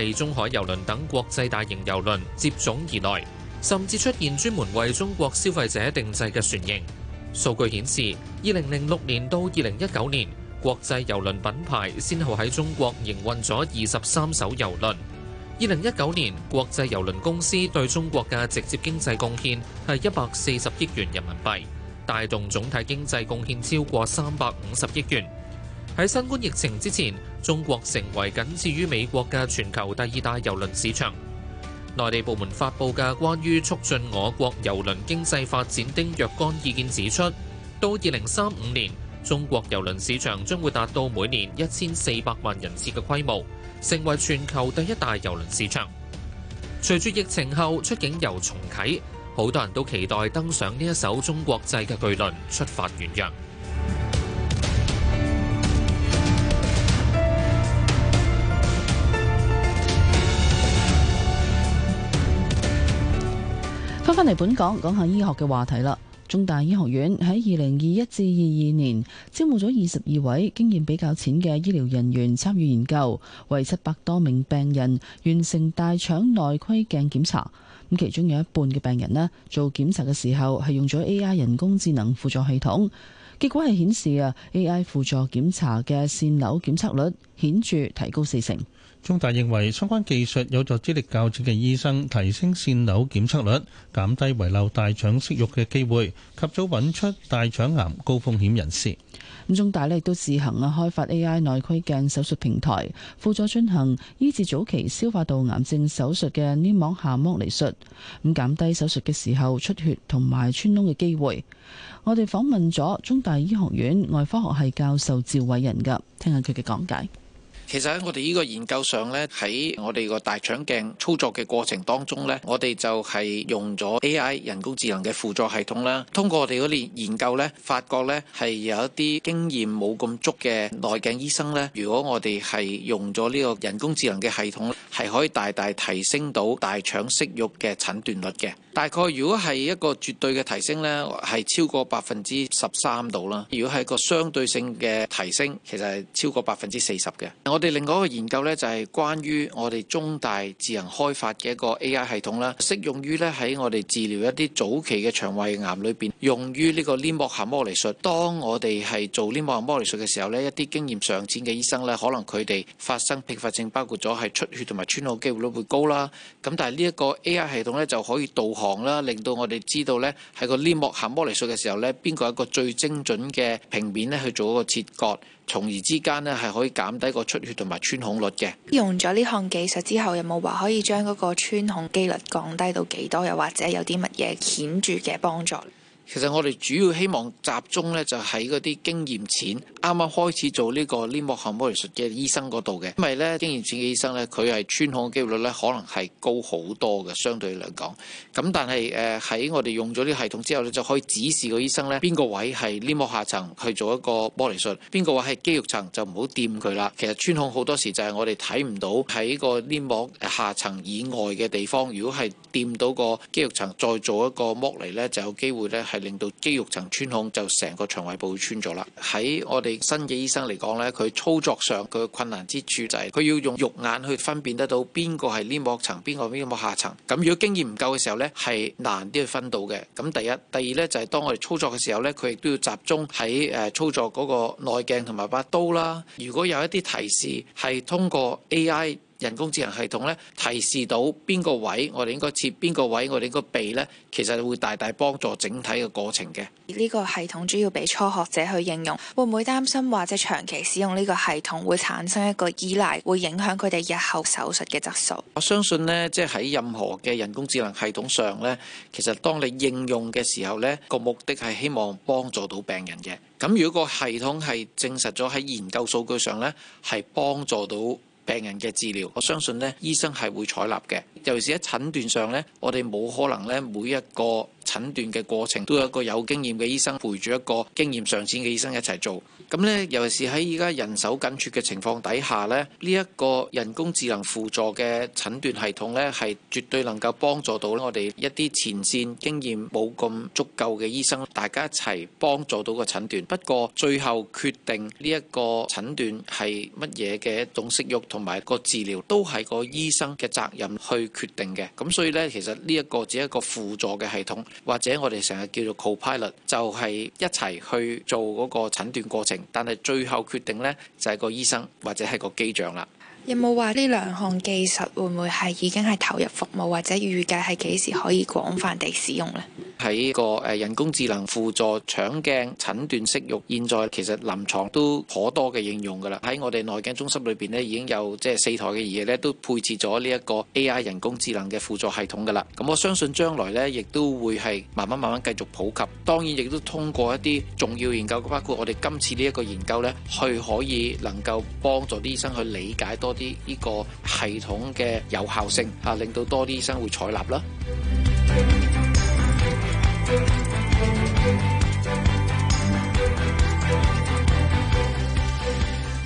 地中海郵輪等國際大型郵輪接踵而來，甚至出現專門為中國消費者定制嘅船型。數據顯示，二零零六年到二零一九年，國際郵輪品牌先後喺中國營運咗二十三艘郵輪。二零一九年，國際郵輪公司對中國嘅直接經濟貢獻係一百四十億元人民幣，帶動總體經濟貢獻超過三百五十億元。喺新冠疫情之前，中國成為僅次於美國嘅全球第二大郵輪市場。內地部門發布嘅關於促進我國郵輪經濟發展的若干意見指出，到二零三五年，中國郵輪市場將會達到每年一千四百萬人次嘅規模，成為全球第一大郵輪市場。隨住疫情後出境遊重啟，好多人都期待登上呢一艘中國製嘅巨輪出發遠洋。翻返嚟本港講，講下醫學嘅話題啦。中大醫學院喺二零二一至二二年招募咗二十二位經驗比較淺嘅醫療人員參與研究，為七百多名病人完成大腸內窺鏡檢查。咁其中有一半嘅病人呢，做檢查嘅時候係用咗 A I 人工智能輔助系統，結果係顯示啊 A I 輔助檢查嘅腺瘤檢測率顯著提高四成。中大認為相關技術有助資歷較淺嘅醫生提升腺瘤檢測率，減低遺漏大腸息肉嘅機會，及早揾出大腸癌高風險人士。咁中大咧亦都自行啊開發 AI 內窺鏡手術平台，輔助進行醫治早期消化道癌症手術嘅黏膜下剝離術，咁減低手術嘅時候出血同埋穿窿嘅機會。我哋訪問咗中大醫學院外科學系教授趙偉仁噶，聽下佢嘅講解。其實喺我哋呢個研究上呢，喺我哋個大腸鏡操作嘅過程當中呢，我哋就係用咗 AI 人工智能嘅輔助系統啦。通過我哋嗰啲研究呢，發覺呢係有一啲經驗冇咁足嘅內鏡醫生呢，如果我哋係用咗呢個人工智能嘅系統咧，係可以大大提升到大腸息肉嘅診斷率嘅。大概如果係一個絕對嘅提升咧，係超過百分之十三度啦。如果係個相對性嘅提升，其實係超過百分之四十嘅。我哋另外一個研究咧，就係關於我哋中大智能開發嘅一個 AI 系統啦，適用於咧，喺我哋治療一啲早期嘅腸胃癌裏邊用於呢個黏膜下剝離術。當我哋係做黏膜下剝離術嘅時候咧，一啲經驗尚淺嘅醫生咧，可能佢哋發生併發症，包括咗係出血同埋穿孔機會率會高啦。咁但係呢一個 AI 系統咧就可以導航。啦，令到我哋知道咧，喺個黏膜下剝離術嘅時候咧，邊個一個最精準嘅平面咧去做一個切割，從而之間咧係可以減低個出血同埋穿孔率嘅。用咗呢項技術之後，有冇話可以將嗰個穿孔機率降低到幾多？又或者有啲乜嘢顯著嘅幫助？其實我哋主要希望集中咧，就喺嗰啲經驗淺，啱啱開始做呢個黏膜下剝離術嘅醫生嗰度嘅，因為咧經驗淺嘅醫生咧，佢係穿孔嘅機會率咧，可能係高好多嘅相對嚟講。咁但係誒喺我哋用咗呢個系統之後咧，就可以指示個醫生咧邊個位係黏膜下層去做一個剝離術，邊個位係肌肉層就唔好掂佢啦。其實穿孔好多時就係我哋睇唔到喺個黏膜下層以外嘅地方，如果係掂到個肌肉層再做一個剝離咧，就有機會咧係，令到肌肉層穿孔，就成個腸胃部穿咗啦。喺我哋新嘅醫生嚟講呢，佢操作上佢嘅困難之處就係佢要用肉眼去分辨得到邊個係黏膜層，邊個邊個膜下層。咁如果經驗唔夠嘅時候呢，係難啲去分到嘅。咁第一，第二呢，就係當我哋操作嘅時候呢，佢亦都要集中喺誒操作嗰個內鏡同埋把刀啦。如果有一啲提示係通過 AI。人工智能系統咧，提示到邊個位，我哋應該設邊個位，我哋應該避咧，其實會大大幫助整體嘅過程嘅。而呢個系統主要俾初學者去應用，會唔會擔心或者長期使用呢個系統會產生一個依賴，會影響佢哋日後手術嘅質素？我相信呢，即係喺任何嘅人工智能系統上咧，其實當你應用嘅時候咧，個目的係希望幫助到病人嘅。咁如果個系統係證實咗喺研究數據上咧，係幫助到病人嘅治療，我相信呢醫生係會採納嘅。尤其是喺診斷上呢，我哋冇可能呢，每一個診斷嘅過程都有一個有經驗嘅醫生陪住一個經驗尚淺嘅醫生一齊做。咁咧，尤其是喺依家人手緊缺嘅情況底下咧，呢一個人工智能輔助嘅診斷系統咧，係絕對能夠幫助到我哋一啲前線經驗冇咁足夠嘅醫生，大家一齊幫助到個診斷。不過最後決定呢一個診斷係乜嘢嘅一種息肉同埋個治療，都係個醫生嘅責任去決定嘅。咁所以咧，其實呢一個只係一個輔助嘅系統，或者我哋成日叫做 copilot，就係一齊去做嗰個診斷過程。但係最後決定呢，就係、是、個醫生或者係個機長啦。有冇話呢兩項技術會唔會係已經係投入服務，或者預計係幾時可以廣泛地使用呢？喺個誒人工智能輔助腸鏡診斷息肉，現在其實臨床都頗多嘅應用噶啦。喺我哋內鏡中心裏邊呢，已經有即係四台嘅儀器咧，都配置咗呢一個 AI 人工智能嘅輔助系統噶啦。咁我相信將來呢，亦都會係慢慢慢慢繼續普及。當然，亦都通過一啲重要研究，包括我哋今次呢一個研究呢，去可以能夠幫助啲醫生去理解多啲呢個系統嘅有效性啊，令到多啲醫生會採納啦。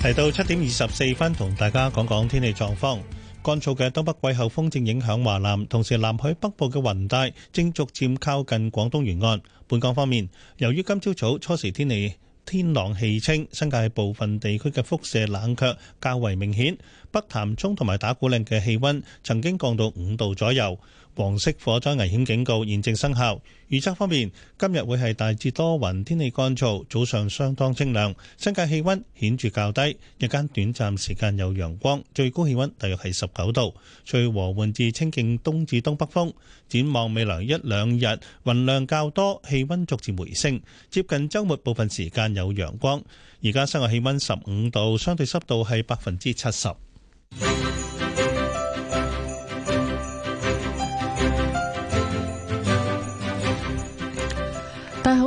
提到七點二十四分，同大家講講天氣狀況。乾燥嘅東北季候風正影響華南，同時南海北部嘅雲帶正逐漸靠近廣東沿岸。本港方面，由於今朝早初時天氣天朗氣清，新界部分地區嘅輻射冷卻較為明顯，北潭涌同埋打鼓嶺嘅氣溫曾經降到五度左右。黃色火災危險警告現正生效。預測方面，今日會係大致多雲，天氣乾燥，早上相當清涼。新界氣温顯著較低，日間短暫時間有陽光，最高氣温大約係十九度。吹和緩至清勁東至東北風。展望未來一兩日，雲量較多，氣温逐漸回升，接近周末部分時間有陽光。而家室外氣温十五度，相對濕度係百分之七十。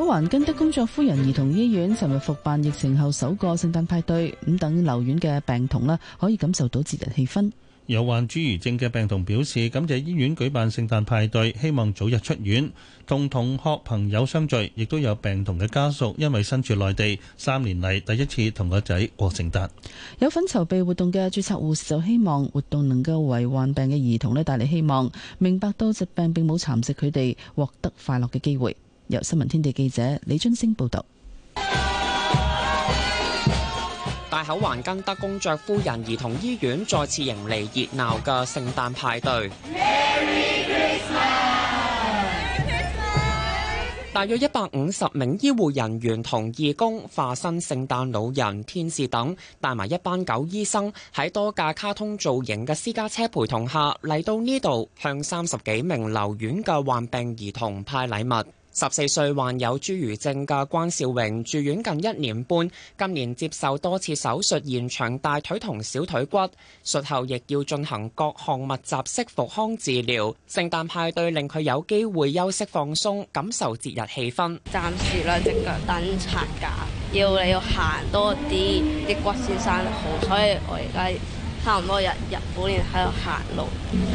黃根德公爵夫人兒童醫院尋日復辦疫情後首個聖誕派對，五等留院嘅病童啦，可以感受到節日氣氛。有患侏儒症嘅病童表示，感謝醫院舉辦聖誕派對，希望早日出院，同同學朋友相聚。亦都有病童嘅家屬，因為身處內地，三年嚟第一次同個仔過聖誕。有份籌備活動嘅註冊護士就希望活動能夠為患病嘅兒童咧帶嚟希望，明白到疾病並冇蠶食佢哋獲得快樂嘅機會。由新聞天地記者李津星報道，大口環根德公爵夫人兒童醫院再次迎嚟熱鬧嘅聖誕派對。大約一百五十名醫護人員同義工化身聖誕老人、天使等，帶埋一班狗醫生喺多架卡通造型嘅私家車陪同下嚟到呢度，向三十幾名留院嘅患病兒童派禮物。十四歲患有侏儒症嘅關兆榮住院近一年半，今年接受多次手術延長大腿同小腿骨，術後亦要進行各項密集式復康治療。聖誕派對令佢有機會休息放鬆，感受節日氣氛。暫時兩隻腳等拆架。要你要行多啲，啲骨先生得好。所以我而家差唔多日日補練喺度行路，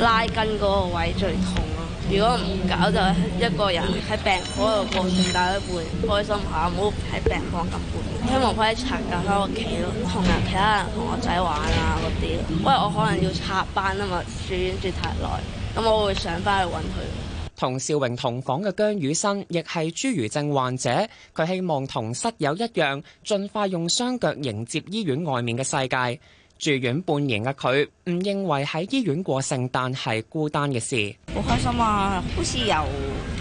拉筋嗰個位最痛。如果唔搞就一個人喺病房度過聖誕嗰個，開心下，唔好喺病房咁悶。希望可以拆架返屋企咯，同埋其他人同我仔玩啊嗰啲。餵，我可能要插班啊嘛，住院住太耐，咁我會上翻去揾佢。同邵穎同房嘅姜宇生亦係侏儒症患者，佢希望同室友一樣，盡快用雙腳迎接醫院外面嘅世界。住院半年嘅佢唔認為喺醫院過聖誕係孤單嘅事，好開心啊！好似由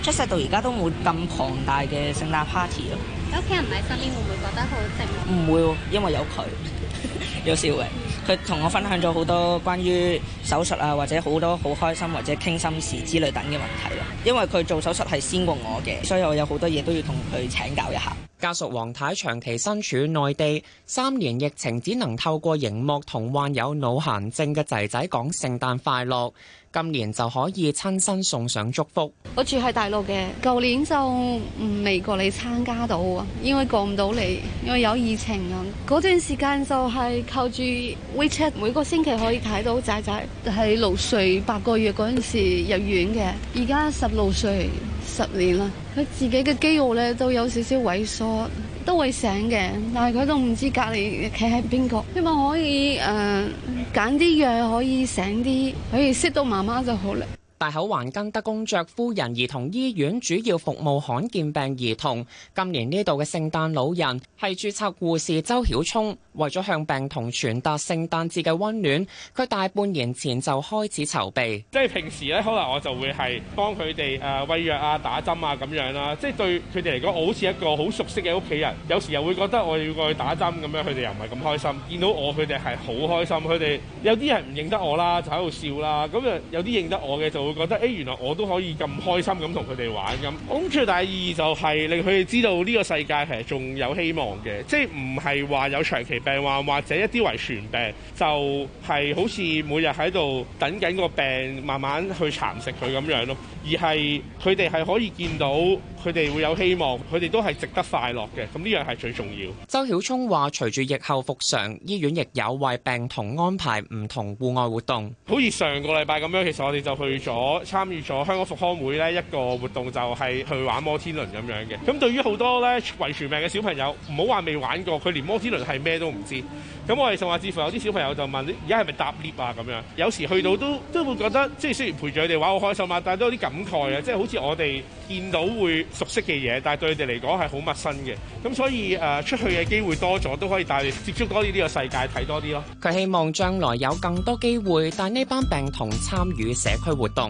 出世到而家都冇咁龐大嘅聖誕 party 咯，啊。屋企人唔喺身邊會唔會覺得好寂寞？唔 會，因為有佢有笑嘅。 佢同我分享咗好多關於手術啊，或者好多好開心或者傾心事之類等嘅問題咯。因為佢做手術係先過我嘅，所以我有好多嘢都要同佢請教一下。家屬黃太長期身處內地，三年疫情只能透過熒幕同患有腦癇症嘅仔仔講聖誕快樂。今年就可以親身送上祝福。我住喺大陸嘅，舊年就未過嚟參加到啊，因為過唔到嚟，因為有疫情啊。嗰段時間就係靠住 WeChat，每個星期可以睇到仔仔喺六歲八個月嗰陣時入院嘅，而家十六歲，十年啦，佢自己嘅肌肉咧都有少少萎縮。都會醒嘅，但係佢都唔知隔籬企喺邊個，希望可以誒揀啲藥可以醒啲，可以識到媽媽就好啦。大口環根德公爵夫人兒童醫院主要服務罕見病兒童。今年呢度嘅聖誕老人係註冊護士周曉聰，為咗向病童傳達聖誕節嘅溫暖，佢大半年前就開始籌備。即係平時咧，可能我就會係幫佢哋誒餵藥啊、打針啊咁樣啦。即係對佢哋嚟講，我好似一個好熟悉嘅屋企人。有時又會覺得我要過去打針咁樣，佢哋又唔係咁開心。見到我，佢哋係好開心。佢哋有啲人唔認得我啦，就喺度笑啦。咁啊，有啲認得我嘅就～會覺得誒、欸，原來我都可以咁開心咁同佢哋玩咁。咁、嗯、最大意義就係令佢哋知道呢個世界其實仲有希望嘅，即係唔係話有長期病患或者一啲遺傳病就係、是、好似每日喺度等緊個病慢慢去蠶食佢咁樣咯，而係佢哋係可以見到佢哋會有希望，佢哋都係值得快樂嘅。咁呢樣係最重要。周曉聰話：隨住疫後復常，醫院亦有為病童安排唔同戶外活動，好似上個禮拜咁樣，其實我哋就去咗。我參與咗香港復康會咧一個活動，就係去玩摩天輪咁樣嘅。咁對於好多咧遺傳病嘅小朋友，唔好話未玩過，佢連摩天輪係咩都唔知。咁我哋甚至乎有啲小朋友就問：而家係咪搭 lift 啊？咁樣。有時去到都都會覺得，即係雖然陪住佢哋玩好開心嘛，但都有啲感慨啊！即係好似我哋見到會熟悉嘅嘢，但對佢哋嚟講係好陌生嘅。咁所以誒，出去嘅機會多咗，都可以帶佢接觸多啲呢個世界，睇多啲咯。佢希望將來有更多機會帶呢班病童參與社區活動。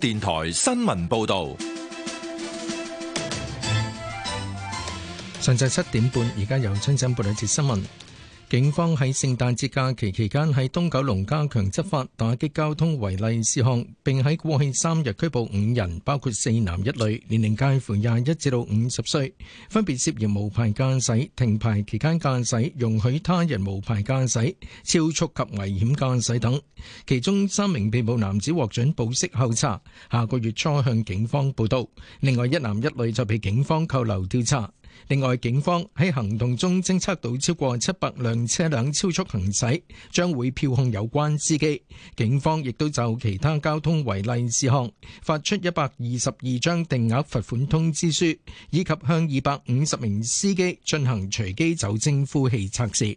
電台新聞報道，上晝七點半，而家有《親親半兩節》新聞。警方喺聖誕節假期期間喺東九龍加強執法，打擊交通違例事項，並喺過去三日拘捕五人，包括四男一女，年齡介乎廿一至到五十歲，分別涉嫌無牌駕駛、停牌期間駕駛、容許他人無牌駕駛、超速及危險駕駛等。其中三名被捕男子獲准保釋候查，下個月初向警方報到。另外一男一女就被警方扣留調查。另外，警方喺行動中偵測到超過七百輛車輛超速行駛，將會票控有關司機。警方亦都就其他交通違例事項發出一百二十二張定額罰款通知書，以及向二百五十名司機進行隨機酒精呼氣測試。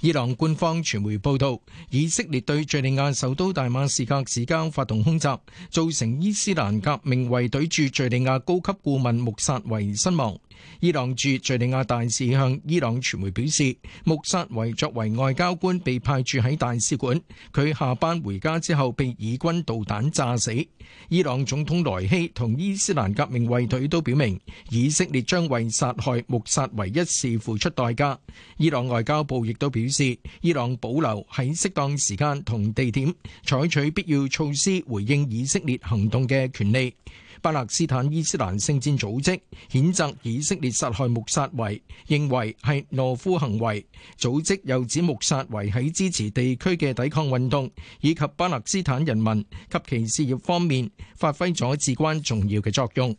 伊朗官方傳媒報道，以色列對敘利亞首都大馬士革市郊發動空襲，造成伊斯蘭革命衛隊駐敘利亞高級顧問穆薩維身亡。伊朗駐敘利亞大使向伊朗傳媒表示，穆薩維作為外交官被派駐喺大使館，佢下班回家之後被以軍導彈炸死。伊朗總統萊希同伊斯蘭革命衛隊都表明，以色列將為殺害穆薩維一事付出代價。伊朗外交部亦都表示，伊朗保留喺適當時間同地點採取必要措施回應以色列行動嘅權利。巴勒斯坦伊斯蘭聖戰組織譴責以色列殺害穆薩維，認為係懦夫行為。組織又指穆薩維喺支持地區嘅抵抗運動以及巴勒斯坦人民及其事業方面發揮咗至關重要嘅作用。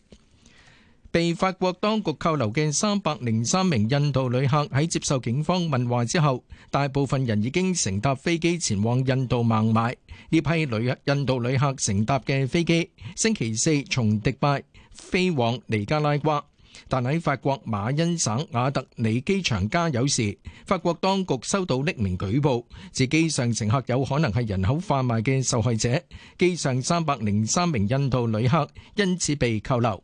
被法國當局扣留嘅三百零三名印度旅客喺接受警方問話之後，大部分人已經乘搭飛機前往印度孟買。呢批旅印度旅客乘搭嘅飛機，星期四從迪拜飛往尼加拉瓜，但喺法國馬恩省雅特尼機場加油時，法國當局收到匿名舉報，指機上乘客有可能係人口販賣嘅受害者，機上三百零三名印度旅客因此被扣留。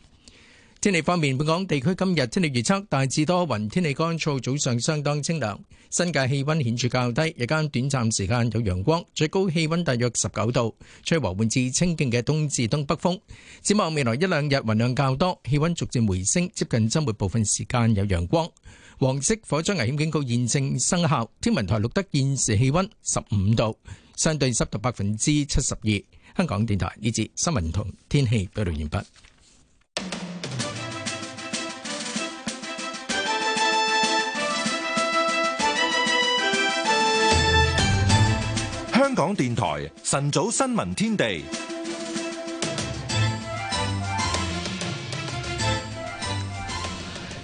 天氣方面，本港地區今日天氣預測大致多雲，天氣乾燥，早上相當清涼，新界氣溫顯著較低，日間短暫時間有陽光，最高氣溫大約十九度，吹和緩至清勁嘅東至東北風。展望未來一兩日，雲量較多，氣溫逐漸回升，接近周末部分時間有陽光。黃色火災危險警告現正生效。天文台錄得現時氣溫十五度，相對濕度百分之七十二。香港電台呢次新聞同天氣報道完畢。香港電台晨早新聞天地。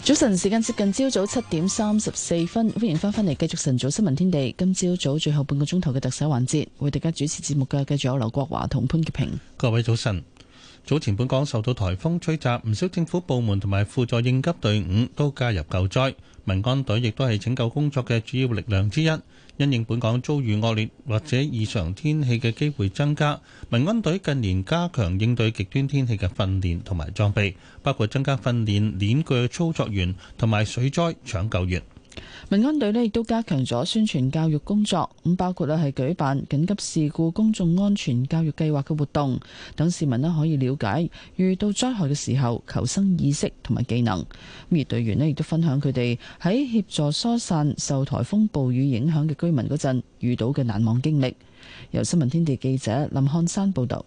早晨，時間接近朝早七點三十四分，歡迎翻返嚟繼續晨早新聞天地。今朝早最後半個鐘頭嘅特首環節，為大家主持節目嘅，繼續有劉國華同潘潔平。各位早晨。早前本港受到台風吹襲，唔少政府部門同埋輔助應急隊伍都加入救災，民安隊亦都係拯救工作嘅主要力量之一。因應本港遭遇惡劣或者異常天氣嘅機會增加，民安隊近年加強應對極端天氣嘅訓練同埋裝備，包括增加訓練鏈鋸操作員同埋水災搶救員。民安隊咧亦都加強咗宣傳教育工作，咁包括咧係舉辦緊急事故公眾安全教育計劃嘅活動，等市民咧可以了解遇到災害嘅時候求生意識同埋技能。咁而隊員咧亦都分享佢哋喺協助疏散受台風暴雨影響嘅居民嗰陣遇到嘅難忘經歷。由新聞天地記者林漢山報道。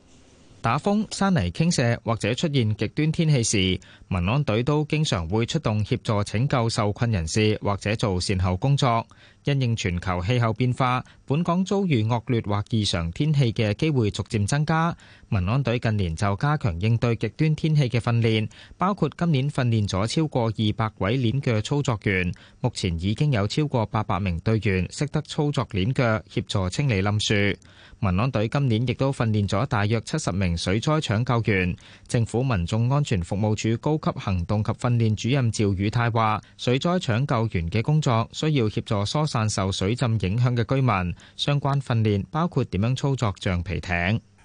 打風、山泥傾瀉，或者出現極端天氣時，民安隊都經常會出動協助拯救受困人士，或者做善後工作。因應全球氣候變化，本港遭遇惡劣或異常天氣嘅機會逐漸增加。民安隊近年就加強應對極端天氣嘅訓練，包括今年訓練咗超過二百位鏈鋸操作員。目前已經有超過八百名隊員識得操作鏈鋸，協助清理冧樹。民安隊今年亦都訓練咗大約七十名水災搶救員。政府民眾安全服務處高級行動及訓練主任趙宇泰話，水災搶救員嘅工作需要協助疏散，但受水浸影響嘅居民，相關訓練包括點樣操作橡皮艇。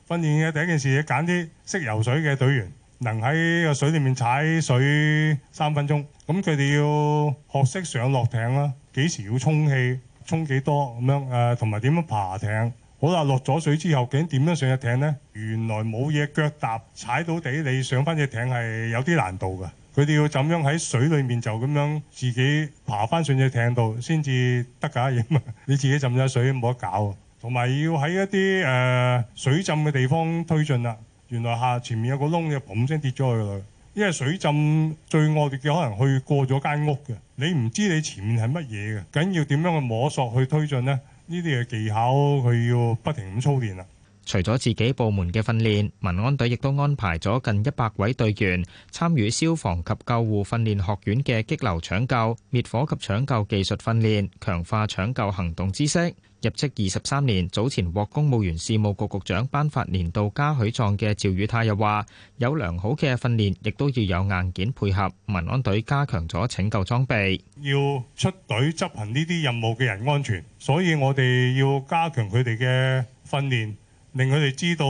訓練嘅第一件事，揀啲識游水嘅隊員，能喺個水裏面踩水三分鐘。咁佢哋要學識上落艇啦，幾時要充氣，充幾多咁樣誒，同埋點樣爬艇。好啦，落咗水之後，究竟點樣上隻艇呢？原來冇嘢腳踏踩到地，你上返隻艇係有啲難度㗎。佢哋要點樣喺水裏面就咁樣自己爬翻上隻艇度先至得㗎。你自己浸咗水冇得搞，同埋要喺一啲誒、呃、水浸嘅地方推進啦。原來下前面有個窿，又砰聲跌咗去。因為水浸最惡劣嘅可能去過咗間屋嘅，你唔知你前面係乜嘢嘅，緊要點樣去摸索去推進咧？呢啲嘅技巧佢要不停咁操練啦。除咗自己部門嘅訓練，民安隊亦都安排咗近一百位隊員參與消防及救護訓練學院嘅激流搶救、滅火及搶救技術訓練，強化搶救行動知識。入職二十三年，早前獲公務員事務局局長頒發年度嘉許狀嘅趙宇泰又話：有良好嘅訓練，亦都要有硬件配合。民安隊加強咗拯救裝備，要出隊執行呢啲任務嘅人安全，所以我哋要加強佢哋嘅訓練。令佢哋知道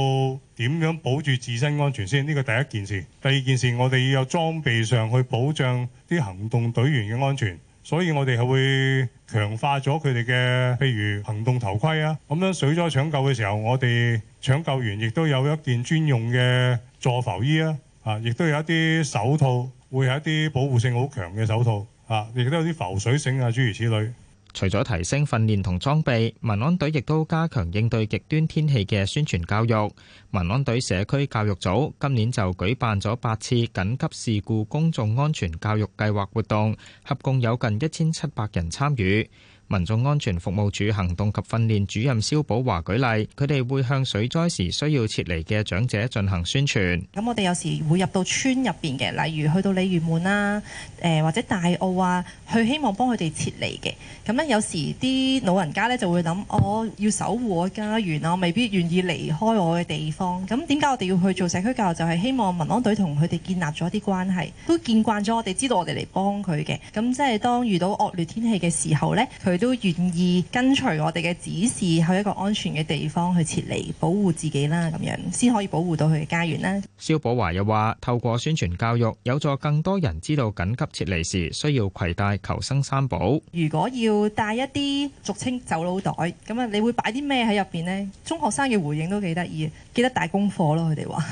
點樣保住自身安全先，呢個第一件事。第二件事，我哋要有裝備上去保障啲行動隊員嘅安全。所以我哋係會強化咗佢哋嘅，譬如行動頭盔啊。咁樣水災搶救嘅時候，我哋搶救員亦都有一件專用嘅助浮衣啊。啊，亦都有一啲手套，會係一啲保護性好強嘅手套。啊，亦都有啲浮水性啊，諸如此類。除咗提升訓練同裝備，民安隊亦都加強應對極端天氣嘅宣傳教育。民安隊社區教育組今年就舉辦咗八次緊急事故公眾安全教育計劃活動，合共有近一千七百人參與。民眾安全服務處行動及訓練主任蕭寶華舉例，佢哋會向水災時需要撤離嘅長者進行宣傳。咁我哋有時會入到村入邊嘅，例如去到鯉魚門啦、啊，誒、呃、或者大澳啊，去希望幫佢哋撤離嘅。咁咧有時啲老人家咧就會諗、哦，我要守護我家園咯，未必願意離開我嘅地方。咁點解我哋要去做社區教育？就係、是、希望民安隊同佢哋建立咗啲關係，都見慣咗我哋，知道我哋嚟幫佢嘅。咁即係當遇到惡劣天氣嘅時候咧，佢。佢都願意跟隨我哋嘅指示去一個安全嘅地方去撤離，保護自己啦，咁樣先可以保護到佢嘅家園啦。肖寶華又話：透過宣傳教育，有助更多人知道緊急撤離時需要攜帶求生三寶。如果要帶一啲俗稱走佬袋咁啊，你會擺啲咩喺入邊呢？中學生嘅回應都幾得意，記得帶功課咯。佢哋話，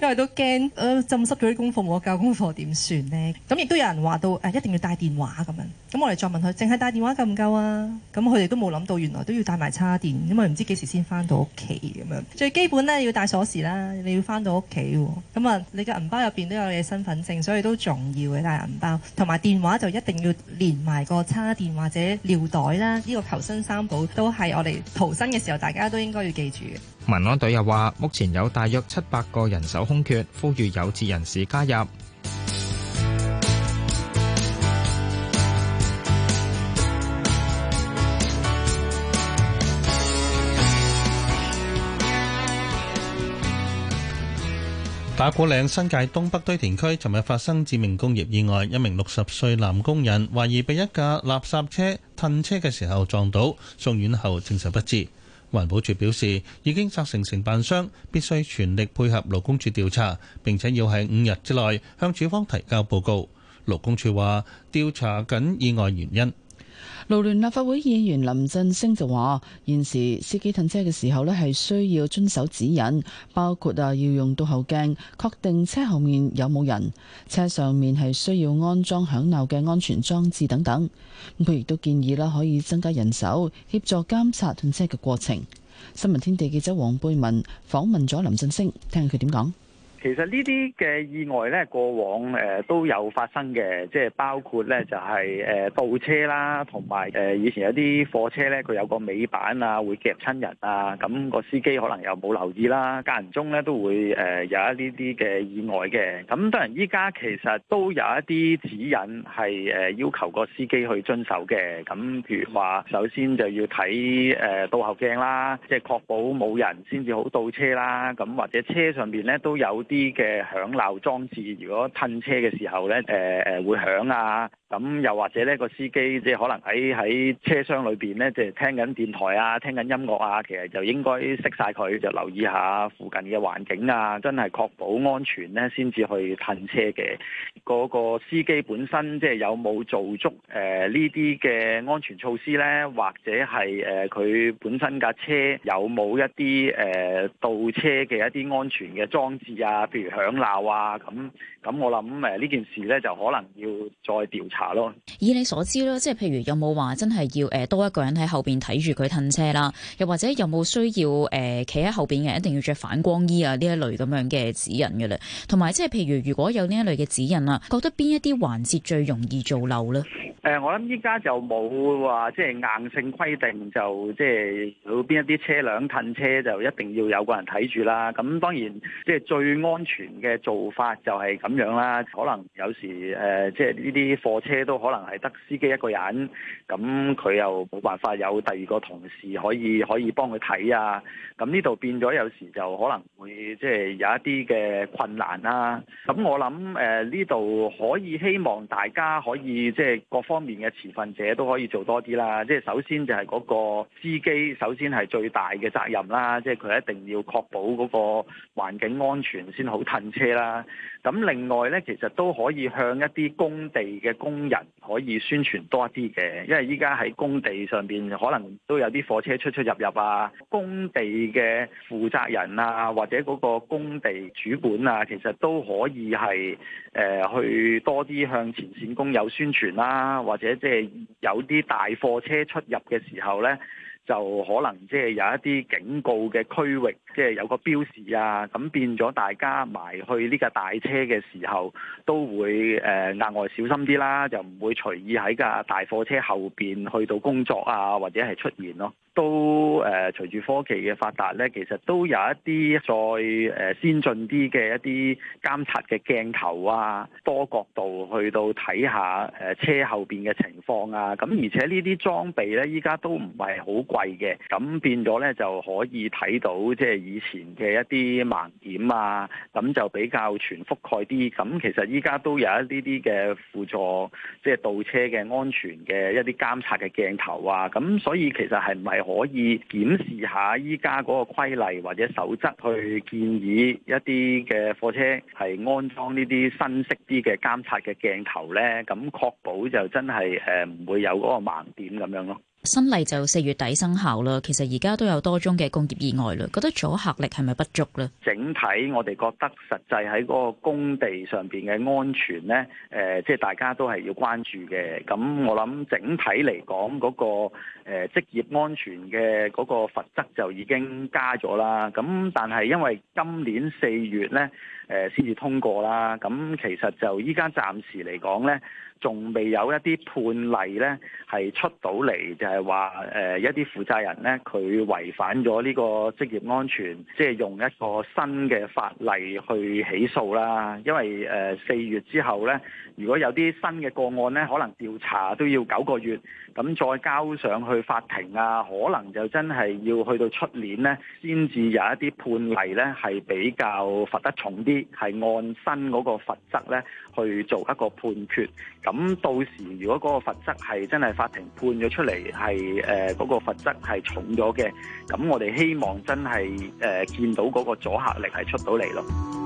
因 為都驚誒、呃、浸濕咗啲功課，冇夠功課點算呢？咁亦都有人話到誒、呃，一定要帶電話咁樣。咁我哋再問佢，淨係帶電話夠？唔夠啊！咁佢哋都冇諗到，原來都要帶埋叉電，因為唔知幾時先翻到屋企咁樣。最基本咧要帶鎖匙啦，你要翻到屋企喎。咁啊，你嘅銀包入邊都有你嘅身份證，所以都重要嘅帶銀包。同埋電話就一定要連埋個叉電或者尿袋啦。呢個求生三寶都係我哋逃生嘅時候，大家都應該要記住嘅。民安隊又話，目前有大約七百個人手空缺，呼籲有志人士加入。打鼓嶺新界東北堆填區，尋日發生致命工業意外，一名六十歲男工人懷疑被一架垃圾車褪車嘅時候撞到，送院後證實不治。環保署表示，已經責成承辦商必須全力配合勞工處調查，並且要喺五日之內向署方提交報告。勞工處話，調查緊意外原因。勞聯立法會議員林振升就話，現時司機褪車嘅時候咧，係需要遵守指引，包括啊，要用倒後鏡，確定車後面有冇人，車上面係需要安裝響鬧嘅安全裝置等等。咁佢亦都建議啦，可以增加人手協助監察褪車嘅過程。新聞天地記者黃貝文訪問咗林振升，聽下佢點講。其實呢啲嘅意外呢，過往誒、呃、都有發生嘅，即係包括呢，就係、是、誒、呃、倒車啦，同埋誒以前有啲貨車呢，佢有個尾板啊，會夾親人啊，咁、那個司機可能又冇留意啦，間唔中呢都會誒、呃、有一呢啲嘅意外嘅。咁當然依家其實都有一啲指引係誒、呃、要求個司機去遵守嘅，咁譬如話首先就要睇誒、呃、倒後鏡啦，即係確保冇人先至好倒車啦，咁或者車上面呢都有啲嘅響鬧裝置，如果褪車嘅時候咧，誒、呃、誒會響啊！咁又或者呢、個司機即係可能喺喺車廂裏邊咧，即係聽緊電台啊、聽緊音樂啊，其實就應該熄晒佢，就留意下附近嘅環境啊，真係確保安全咧，先至去褪車嘅。個司機本身即係有冇做足誒呢啲嘅安全措施咧？或者係誒佢本身架車有冇一啲誒、呃、倒車嘅一啲安全嘅裝置啊？譬如響鬧啊咁咁，我諗誒呢件事咧就可能要再調查。查咯，以你所知啦，即係譬如有冇話真係要誒多一個人喺後邊睇住佢褪車啦，又或者有冇需要誒企喺後邊嘅人一定要着反光衣啊，呢一類咁樣嘅指引嘅咧，同埋即係譬如如果有呢一類嘅指引啊，覺得邊一啲環節最容易做漏咧？誒、呃、我諗依家就冇話即係硬性規定，就即係有邊一啲車輛褪車就一定要有個人睇住啦。咁當然即係最安全嘅做法就係咁樣啦。可能有時誒即係呢啲貨，呃就是車都可能係得司機一個人，咁佢又冇辦法有第二個同事可以可以幫佢睇啊。咁呢度變咗有時就可能會即係、就是、有一啲嘅困難啦、啊。咁我諗誒呢度可以希望大家可以即係、就是、各方面嘅持份者都可以做多啲啦。即係首先就係嗰個司機，首先係最大嘅責任啦。即係佢一定要確保嗰個環境安全先好褪車啦。咁另外呢，其實都可以向一啲工地嘅工人可以宣傳多啲嘅，因為依家喺工地上邊可能都有啲貨車出出入入啊，工地嘅負責人啊，或者嗰個工地主管啊，其實都可以係誒、呃、去多啲向前線工友宣傳啦、啊，或者即係有啲大貨車出入嘅時候呢。就可能即係有一啲警告嘅區域，即係有個標示啊，咁變咗大家埋去呢架大車嘅時候，都會誒額外小心啲啦，就唔會隨意喺架大貨車後邊去到工作啊，或者係出現咯。都誒隨住科技嘅發達咧，其實都有一啲再誒先進啲嘅一啲監察嘅鏡頭啊，多角度去到睇下誒、呃、車後邊嘅情況啊。咁而且呢啲裝備咧，依家都唔係好貴嘅，咁變咗咧就可以睇到即係以前嘅一啲盲點啊，咁就比較全覆蓋啲。咁其實依家都有一啲啲嘅輔助，即係倒車嘅安全嘅一啲監察嘅鏡頭啊。咁所以其實係唔係。可以檢視下依家嗰個規例或者守則，去建議一啲嘅貨車係安裝呢啲新式啲嘅監察嘅鏡頭呢，咁確保就真係誒唔會有嗰個盲點咁樣咯。新例就四月底生效啦，其實而家都有多宗嘅工業意外啦，覺得阻吓力係咪不，不足咧？整體我哋覺得實際喺嗰個工地上邊嘅安全咧，誒、呃，即係大家都係要關注嘅。咁我諗整體嚟講，嗰、嗰個誒職、呃、業安全嘅嗰個罰則就已經加咗啦。咁但係因為今年四月咧，誒先至通過啦。咁其實就依家暫時嚟講咧。仲未有一啲判例呢，係出到嚟，就係話誒一啲負責人呢，佢違反咗呢個職業安全，即係用一個新嘅法例去起訴啦。因為誒四月之後呢，如果有啲新嘅個案呢，可能調查都要九個月，咁再交上去法庭啊，可能就真係要去到出年咧，先至有一啲判例咧，係比較罰得重啲，係按新嗰個罰則咧去做一個判決，咁到時如果嗰個罰則係真係法庭判咗出嚟，係誒嗰個罰則係重咗嘅，咁我哋希望真係誒、呃、見到嗰個阻吓力係出到嚟咯。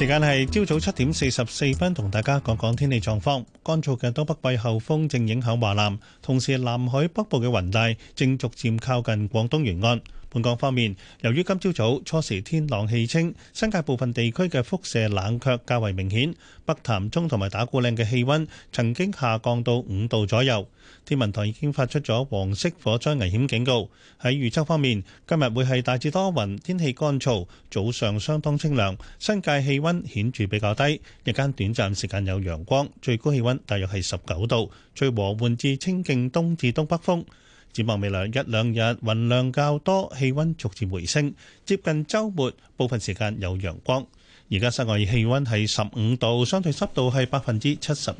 時間係朝早七點四十四分，同大家講講天氣狀況。乾燥嘅東北季候風正影響華南，同時南海北部嘅雲帶正逐漸靠近廣東沿岸。本港方面，由於今朝早初時天朗氣清，新界部分地區嘅輻射冷卻較為明顯，北潭涌同埋打鼓嶺嘅氣温曾經下降到五度左右。天文台已經發出咗黃色火災危險警告。喺預測方面，今日會係大致多雲，天氣乾燥，早上相當清涼，新界氣温顯著比較低，日間短暫時間有陽光，最高氣温大約係十九度，吹和緩至清勁東至東北風。展望未來一兩日，雲量較多，氣溫逐漸回升，接近週末，部分時間有陽光。而家室外氣溫係十五度，相對濕度係百分之七十二。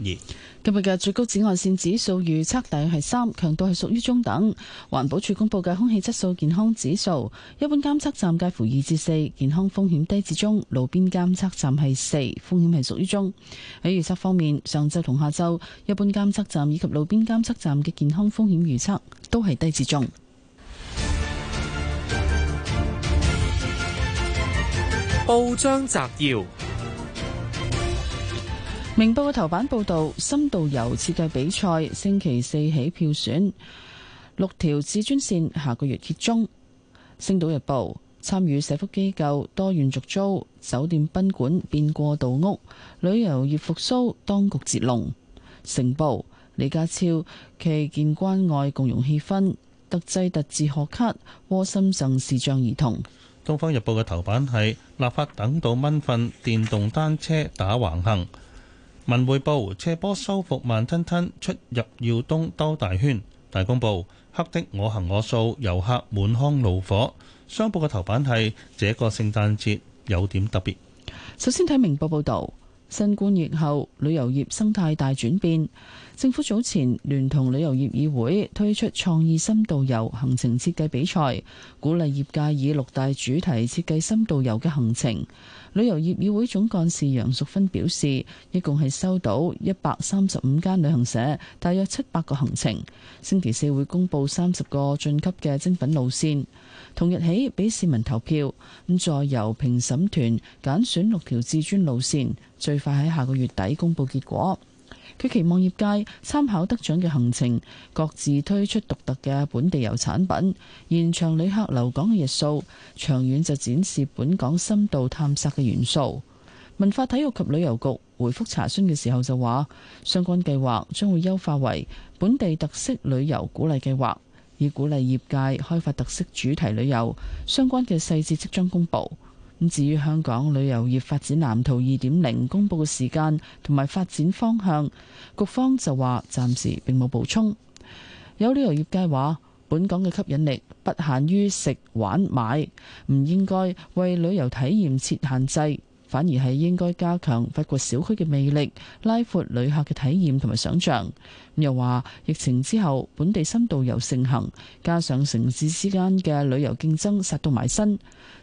今日嘅最高紫外線指數預測大約係三，強度係屬於中等。環保署公布嘅空氣質素健康指數一般監測站介乎二至四，健康風險低至中；路邊監測站係四，風險係屬於中。喺預測方面，上晝同下晝一般監測站以及路邊監測站嘅健康風險預測都係低至中。報章摘要：明報嘅頭版報道，深度遊設計比賽星期四起票選，六條至尊線下個月揭盅。星島日報參與社福機構多元續租酒店賓館變過渡屋，旅遊業復甦當局截龍。成報李家超冀建關愛共融氣氛，特製特字學卡窩心贈視障兒童。東方日報嘅頭版係立法等到蚊瞓，電動單車打橫行；文匯報斜坡修復慢吞吞，出入耀東兜大圈；大公報黑的我行我素，遊客滿腔怒火。商報嘅頭版係這個聖誕節有點特別。首先睇明報報道。新冠疫後旅遊業生態大轉變，政府早前聯同旅遊業議會推出創意深度遊行程設計比賽，鼓勵業界以六大主題設計深度遊嘅行程。旅遊業議會總幹事楊淑芬表示，一共係收到一百三十五間旅行社，大約七百個行程。星期四會公布三十個晉級嘅精品路線，同日起俾市民投票，咁再由評審團揀選六條至尊路線。最快喺下個月底公布結果。佢期望業界參考得獎嘅行程，各自推出獨特嘅本地遊產品，延長旅客留港嘅日數。長遠就展示本港深度探索嘅元素。文化體育及旅遊局回覆查詢嘅時候就話，相關計劃將會優化為本地特色旅遊鼓勵計劃，以鼓勵業界開發特色主題旅遊。相關嘅細節即將公佈。咁至於香港旅遊業發展藍圖2.0公佈嘅時間同埋發展方向，局方就話暫時並冇補充。有旅遊業界話，本港嘅吸引力不限於食玩買，唔應該為旅遊體驗設限制。反而係應該加強發掘小區嘅魅力，拉闊旅客嘅體驗同埋想象，又話疫情之後本地深度遊盛行，加上城市之間嘅旅遊競爭殺到埋身，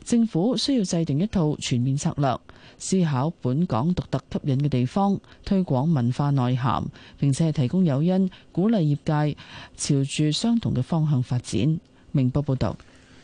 政府需要制定一套全面策略，思考本港獨特吸引嘅地方，推廣文化內涵，並且係提供誘因，鼓勵業界朝住相同嘅方向發展。明報報道，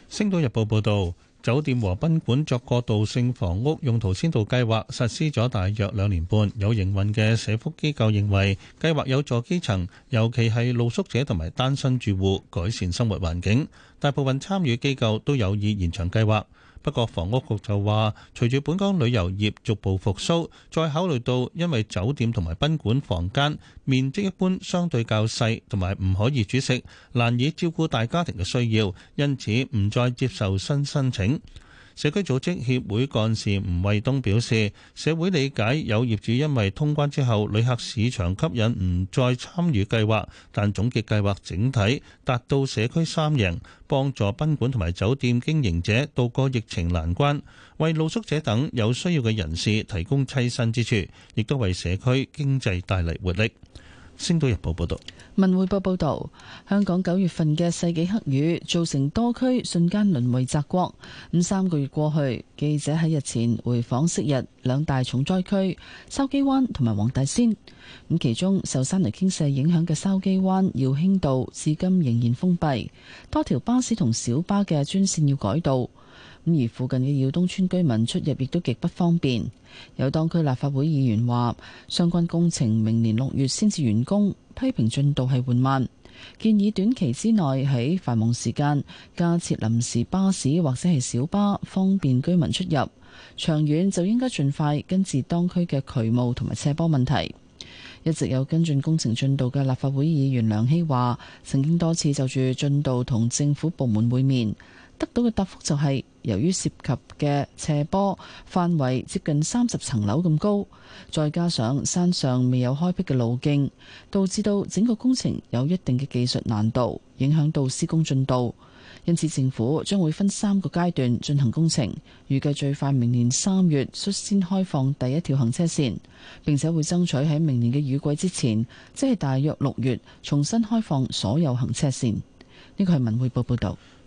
星島日報報道。酒店和賓館作過渡性房屋用途先導計劃實施咗大約兩年半，有營運嘅社福機構認為計劃有助基層，尤其係露宿者同埋單身住戶改善生活環境。大部分參與機構都有意延長計劃。不過，房屋局就話，隨住本港旅遊業逐步復甦，再考慮到因為酒店同埋賓館房間面積一般相對較細，同埋唔可以煮食，難以照顧大家庭嘅需要，因此唔再接受新申請。社區組織協會幹事吳衛東表示，社會理解有業主因為通關之後旅客市場吸引，唔再參與計劃。但總結計劃整體達到社區三贏，幫助賓館同埋酒店經營者渡過疫情難關，為露宿者等有需要嘅人士提供棲身之處，亦都為社區經濟帶嚟活力。星島日報報道，文匯報報道，香港九月份嘅世紀黑雨造成多區瞬間淪為澤國。咁三個月過去，記者喺日前回訪昔日兩大重災區筲箕灣同埋黃大仙。咁其中受山泥傾瀉影響嘅筲箕灣耀興道至今仍然封閉，多條巴士同小巴嘅專線要改道。咁而附近嘅耀東村居民出入亦都極不方便。有當區立法會議員話相關工程明年六月先至完工，批評進度係緩慢，建議短期之內喺繁忙時間加設臨時巴士或者係小巴，方便居民出入。長遠就應該盡快根治當區嘅渠務同埋斜坡問題，一直有跟進工程進度嘅立法會議員梁希話，曾經多次就住進度同政府部門會面。得到嘅答覆就係，由於涉及嘅斜坡範圍接近三十層樓咁高，再加上山上未有開闢嘅路徑，導致到整個工程有一定嘅技術難度，影響到施工進度。因此政府將會分三個階段進行工程，預計最快明年三月率先開放第一條行車線，並且會爭取喺明年嘅雨季之前，即係大約六月，重新開放所有行車線。呢個係文匯報報道。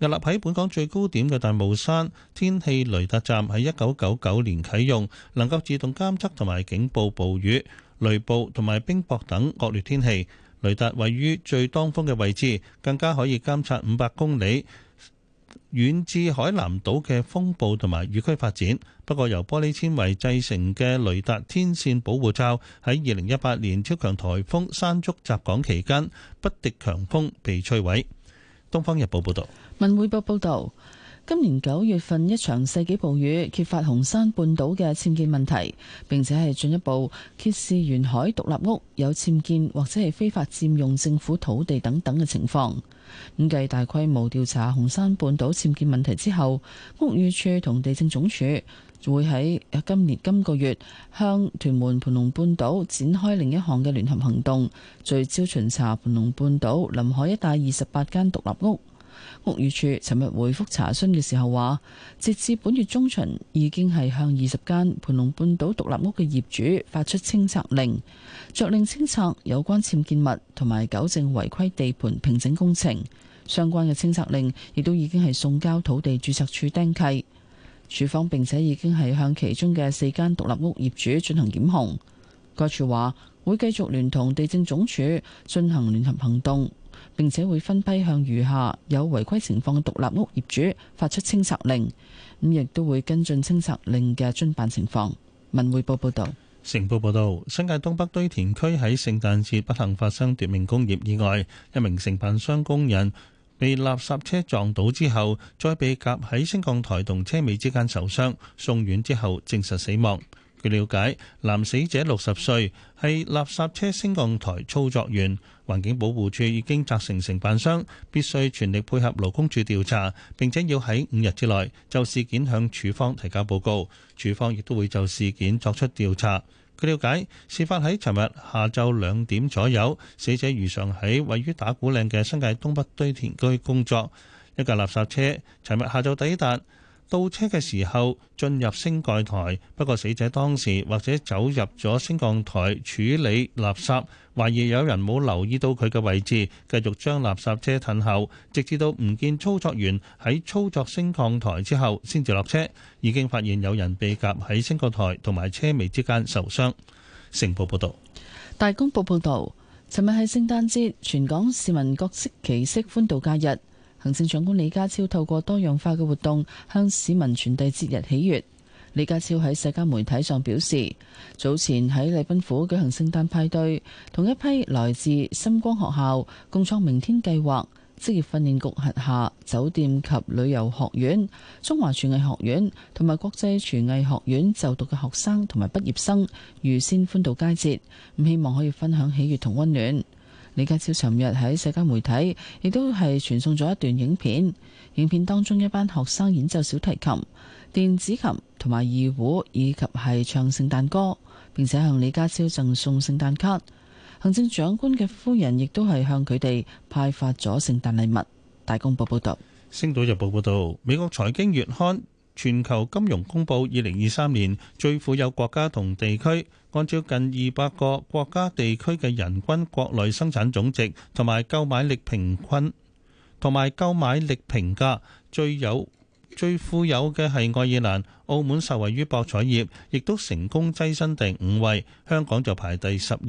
屹立喺本港最高點嘅大帽山天氣雷達站喺一九九九年啟用，能夠自動監測同埋警報暴雨、雷暴同埋冰雹等惡劣天氣。雷達位於最當風嘅位置，更加可以監測五百公里遠至海南島嘅風暴同埋雨區發展。不過，由玻璃纖維製成嘅雷達天線保護罩喺二零一八年超強颱風山竹襲港期間，不敵強風被摧毀。《東方日報》報道，《文匯報》報道，今年九月份一場世紀暴雨，揭發紅山半島嘅僭建問題，並且係進一步揭示沿海獨立屋有僭建或者係非法佔用政府土地等等嘅情況。咁繼大規模調查紅山半島僭建問題之後，屋宇署同地政總署，會喺今年今個月向屯門蟠龍半島展開另一項嘅聯合行動，聚焦巡查蟠龍半島臨海一帶二十八間獨立屋。屋宇署尋日回覆查詢嘅時候話，截至本月中旬已經係向二十間蟠龍半島獨立屋嘅業主發出清拆令，著令清拆有關僭建物同埋糾正違規地盤平整工程。相關嘅清拆令亦都已經係送交土地註冊處釘契。署方並且已經係向其中嘅四間獨立屋業主進行檢控。該署話會繼續聯同地政總署進行聯合行動，並且會分批向餘下有違規情況嘅獨立屋業主發出清拆令。咁亦都會跟進清拆令嘅遵辦情況。文匯報報道：成報報道，新界東北堆填區喺聖誕節不幸發生奪命工業意外，一名承判商工人，被垃圾車撞倒之後，再被夾喺升降台同車尾之間受傷，送院之後證實死亡。據了解，男死者六十歲，係垃圾車升降台操作員。環境保護署已經責成承辦商必須全力配合勞工處調查，並且要喺五日之內就事件向署方提交報告。署方亦都會就事件作出調查。據了解，事發喺尋日下晝兩點左右，死者如常喺位於打鼓嶺嘅新界東北堆填區工作，一架垃圾車尋日下晝抵達。倒車嘅時候進入升降台，不過死者當時或者走入咗升降台處理垃圾，懷疑有人冇留意到佢嘅位置，繼續將垃圾車褪後，直至到唔見操作員喺操作升降台之後，先至落車。已經發現有人被夾喺升降台同埋車尾之間受傷。成報報道：「大公報報道，尋日係聖誕節，全港市民各適其適歡度假日。行政長官李家超透過多樣化嘅活動向市民傳遞節日喜悅。李家超喺社交媒體上表示，早前喺禮賓府舉行聖誕派對，同一批來自深光學校、共創明天計劃、職業訓練局轄下酒店及旅遊學院、中華廚藝學院同埋國際廚藝學院就讀嘅學生同埋畢業生預先歡度佳節，咁希望可以分享喜悅同溫暖。李家超尋日喺社交媒體亦都係傳送咗一段影片，影片當中一班學生演奏小提琴、電子琴同埋二胡，以及係唱聖誕歌，並且向李家超贈送聖誕卡。行政長官嘅夫人亦都係向佢哋派發咗聖誕禮物。《大公報》報道，《星島日報》報道，《美國財經月刊》。全球金融公布二零二三年最富有國家同地區，按照近二百個國家地區嘅人均國內生產總值同埋購買力平均同埋購買力評價，最有最富有嘅係愛爾蘭、澳門受惠於博彩業，亦都成功躋身第五位。香港就排第十二，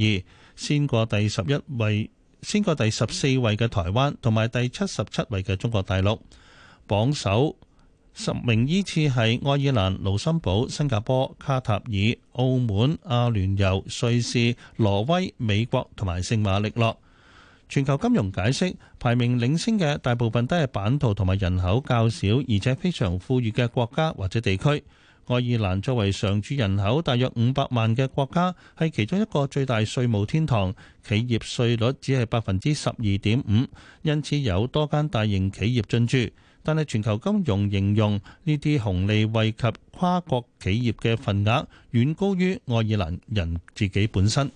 先過第十一位，先過第十四位嘅台灣同埋第七十七位嘅中國大陸榜首。十名依次係愛爾蘭、盧森堡、新加坡、卡塔爾、澳門、阿聯酋、瑞士、挪威、美國同埋聖馬力諾。全球金融解釋排名領先嘅大部分都係版圖同埋人口較少，而且非常富裕嘅國家或者地區。愛爾蘭作為常住人口大約五百萬嘅國家，係其中一個最大稅務天堂，企業稅率只係百分之十二點五，因此有多間大型企業進駐。但係全球金融形容呢啲紅利惠及跨國企業嘅份額遠高於愛爾蘭人自己本身。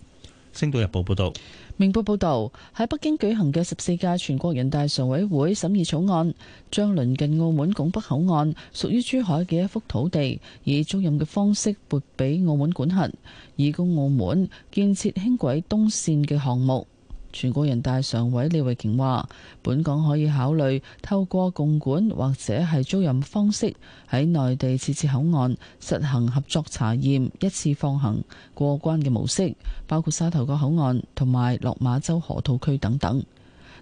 星島日報報道：「明報報道，喺北京舉行嘅十四屆全國人大常委會審議草案，將鄰近澳門拱北口岸屬於珠海嘅一幅土地，以租賃嘅方式撥俾澳門管轄，以供澳門建設輕軌東線嘅項目。」全國人大常委李慧瓊話，本港可以考慮透過共管或者係租賃方式喺內地設置口岸，實行合作查驗、一次放行過關嘅模式，包括沙頭角口岸同埋落馬洲河套區等等。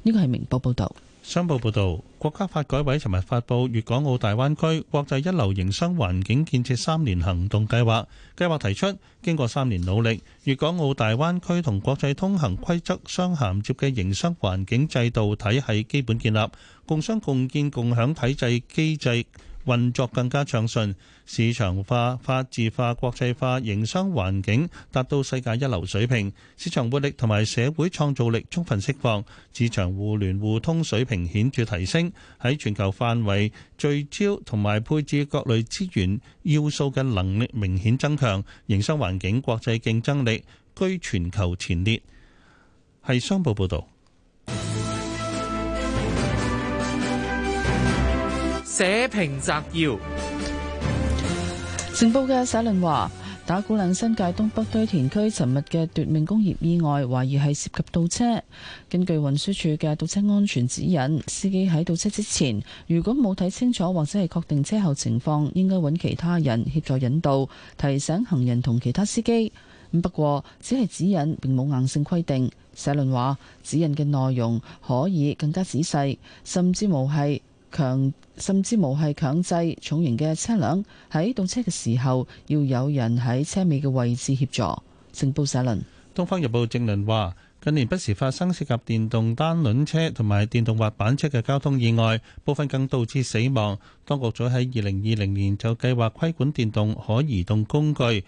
呢個係明報報導。商報報道，國家發改委尋日發布《粵港澳大灣區國際一流營商環境建設三年行動計劃》，計劃提出，經過三年努力，粵港澳大灣區同國際通行規則相銜接嘅營商環境制度體系基本建立，共商共建共享體制機制。運作更加暢順，市場化、法治化、國際化營商環境達到世界一流水平，市場活力同埋社會創造力充分釋放，市場互聯互通水平顯著提升，喺全球範圍聚焦同埋配置各類資源要素嘅能力明顯增強，營商環境國際競爭力居全球前列。係商報報道。社評摘要，情報嘅社論話，打鼓嶺新界東北堆填區尋日嘅奪命工業意外，懷疑係涉及倒車。根據運輸署嘅倒車安全指引，司機喺倒車之前，如果冇睇清楚或者係確定車後情況，應該揾其他人協助引導，提醒行人同其他司機。不過只係指引，並冇硬性規定。社論話，指引嘅內容可以更加仔細，甚至無係強甚至無係強制，重型嘅車輛喺動車嘅時候，要有人喺車尾嘅位置協助。政報社論，《東方日報》正論話：近年不時發生涉及電動單輪車同埋電動滑板車嘅交通意外，部分更導致死亡。當局早喺二零二零年就計劃規管電動可移動工具，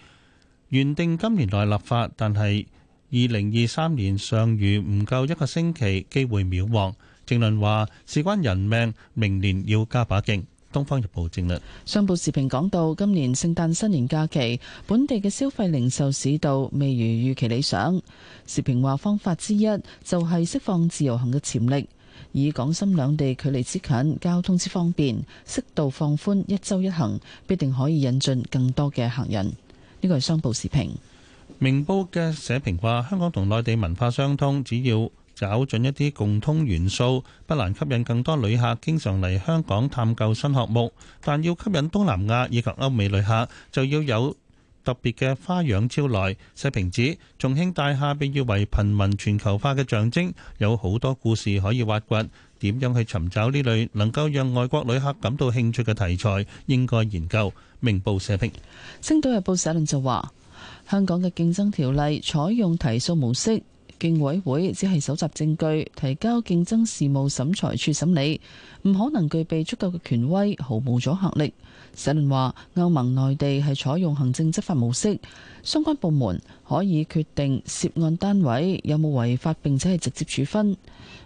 原定今年內立法，但係二零二三年尚餘唔夠一個星期，機會渺茫。政論話：事關人命，明年要加把勁。東方日報政論商報時評講到，今年聖誕新年假期，本地嘅消費零售市道未如預期理想。時評話方法之一就係釋放自由行嘅潛力，以港深兩地距離之近、交通之方便，適度放寬一周一行，必定可以引進更多嘅客人。呢個係商報時評。明報嘅社評話，香港同內地文化相通，只要找準一啲共通元素，不難吸引更多旅客經常嚟香港探究新項目。但要吸引東南亞以及歐美旅客，就要有特別嘅花樣招來。社評指，重慶大廈被譽為貧民全球化嘅象徵，有好多故事可以挖掘。點樣去尋找呢類能夠讓外國旅客感到興趣嘅題材，應該研究。明報社評，《星島日報》社論就話：香港嘅競爭條例採用提訴模式。競委會只係搜集證據，提交競爭事務審裁處審理，唔可能具備足夠嘅權威，毫無阻嚇力。社論話歐盟內地係採用行政執法模式，相關部門可以決定涉案單位有冇違法，並且係直接處分。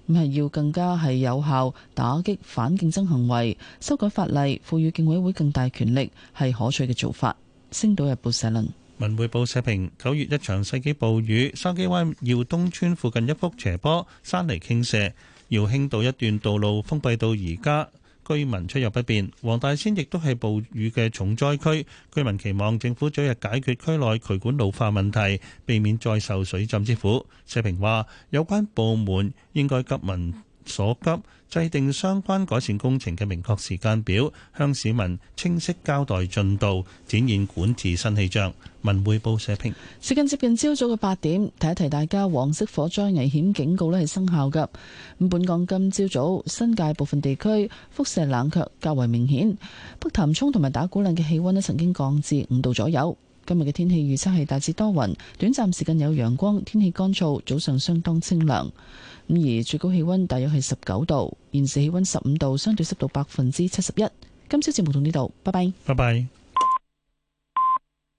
唔係要更加係有效打擊反競爭行為，修改法例，賦予競委會更大權力，係可取嘅做法。星島日報社論。文匯報社評：九月一場世紀暴雨，筲箕灣耀東村附近一幅斜坡山泥傾瀉，耀興道一段道路封閉到而家，居民出入不便。黃大仙亦都係暴雨嘅重災區，居民期望政府早日解決區內渠管老化問題，避免再受水浸之苦。社評話：有關部門應該急民所急，制定相關改善工程嘅明確時間表，向市民清晰交代進度，展現管治新氣象。文匯報社評。時間接近朝早嘅八點，提一提大家黃色火災危險警告呢係生效㗎。本港今朝早新界部分地區輻射冷卻較為明顯，北潭涌同埋打鼓嶺嘅氣温呢曾經降至五度左右。今日嘅天氣預測係大致多雲，短暫時間有陽光，天氣乾燥，早上相當清涼。咁而最高氣溫大約係十九度，現時氣溫十五度，相對濕度百分之七十一。今朝節目到呢度，拜拜，拜拜。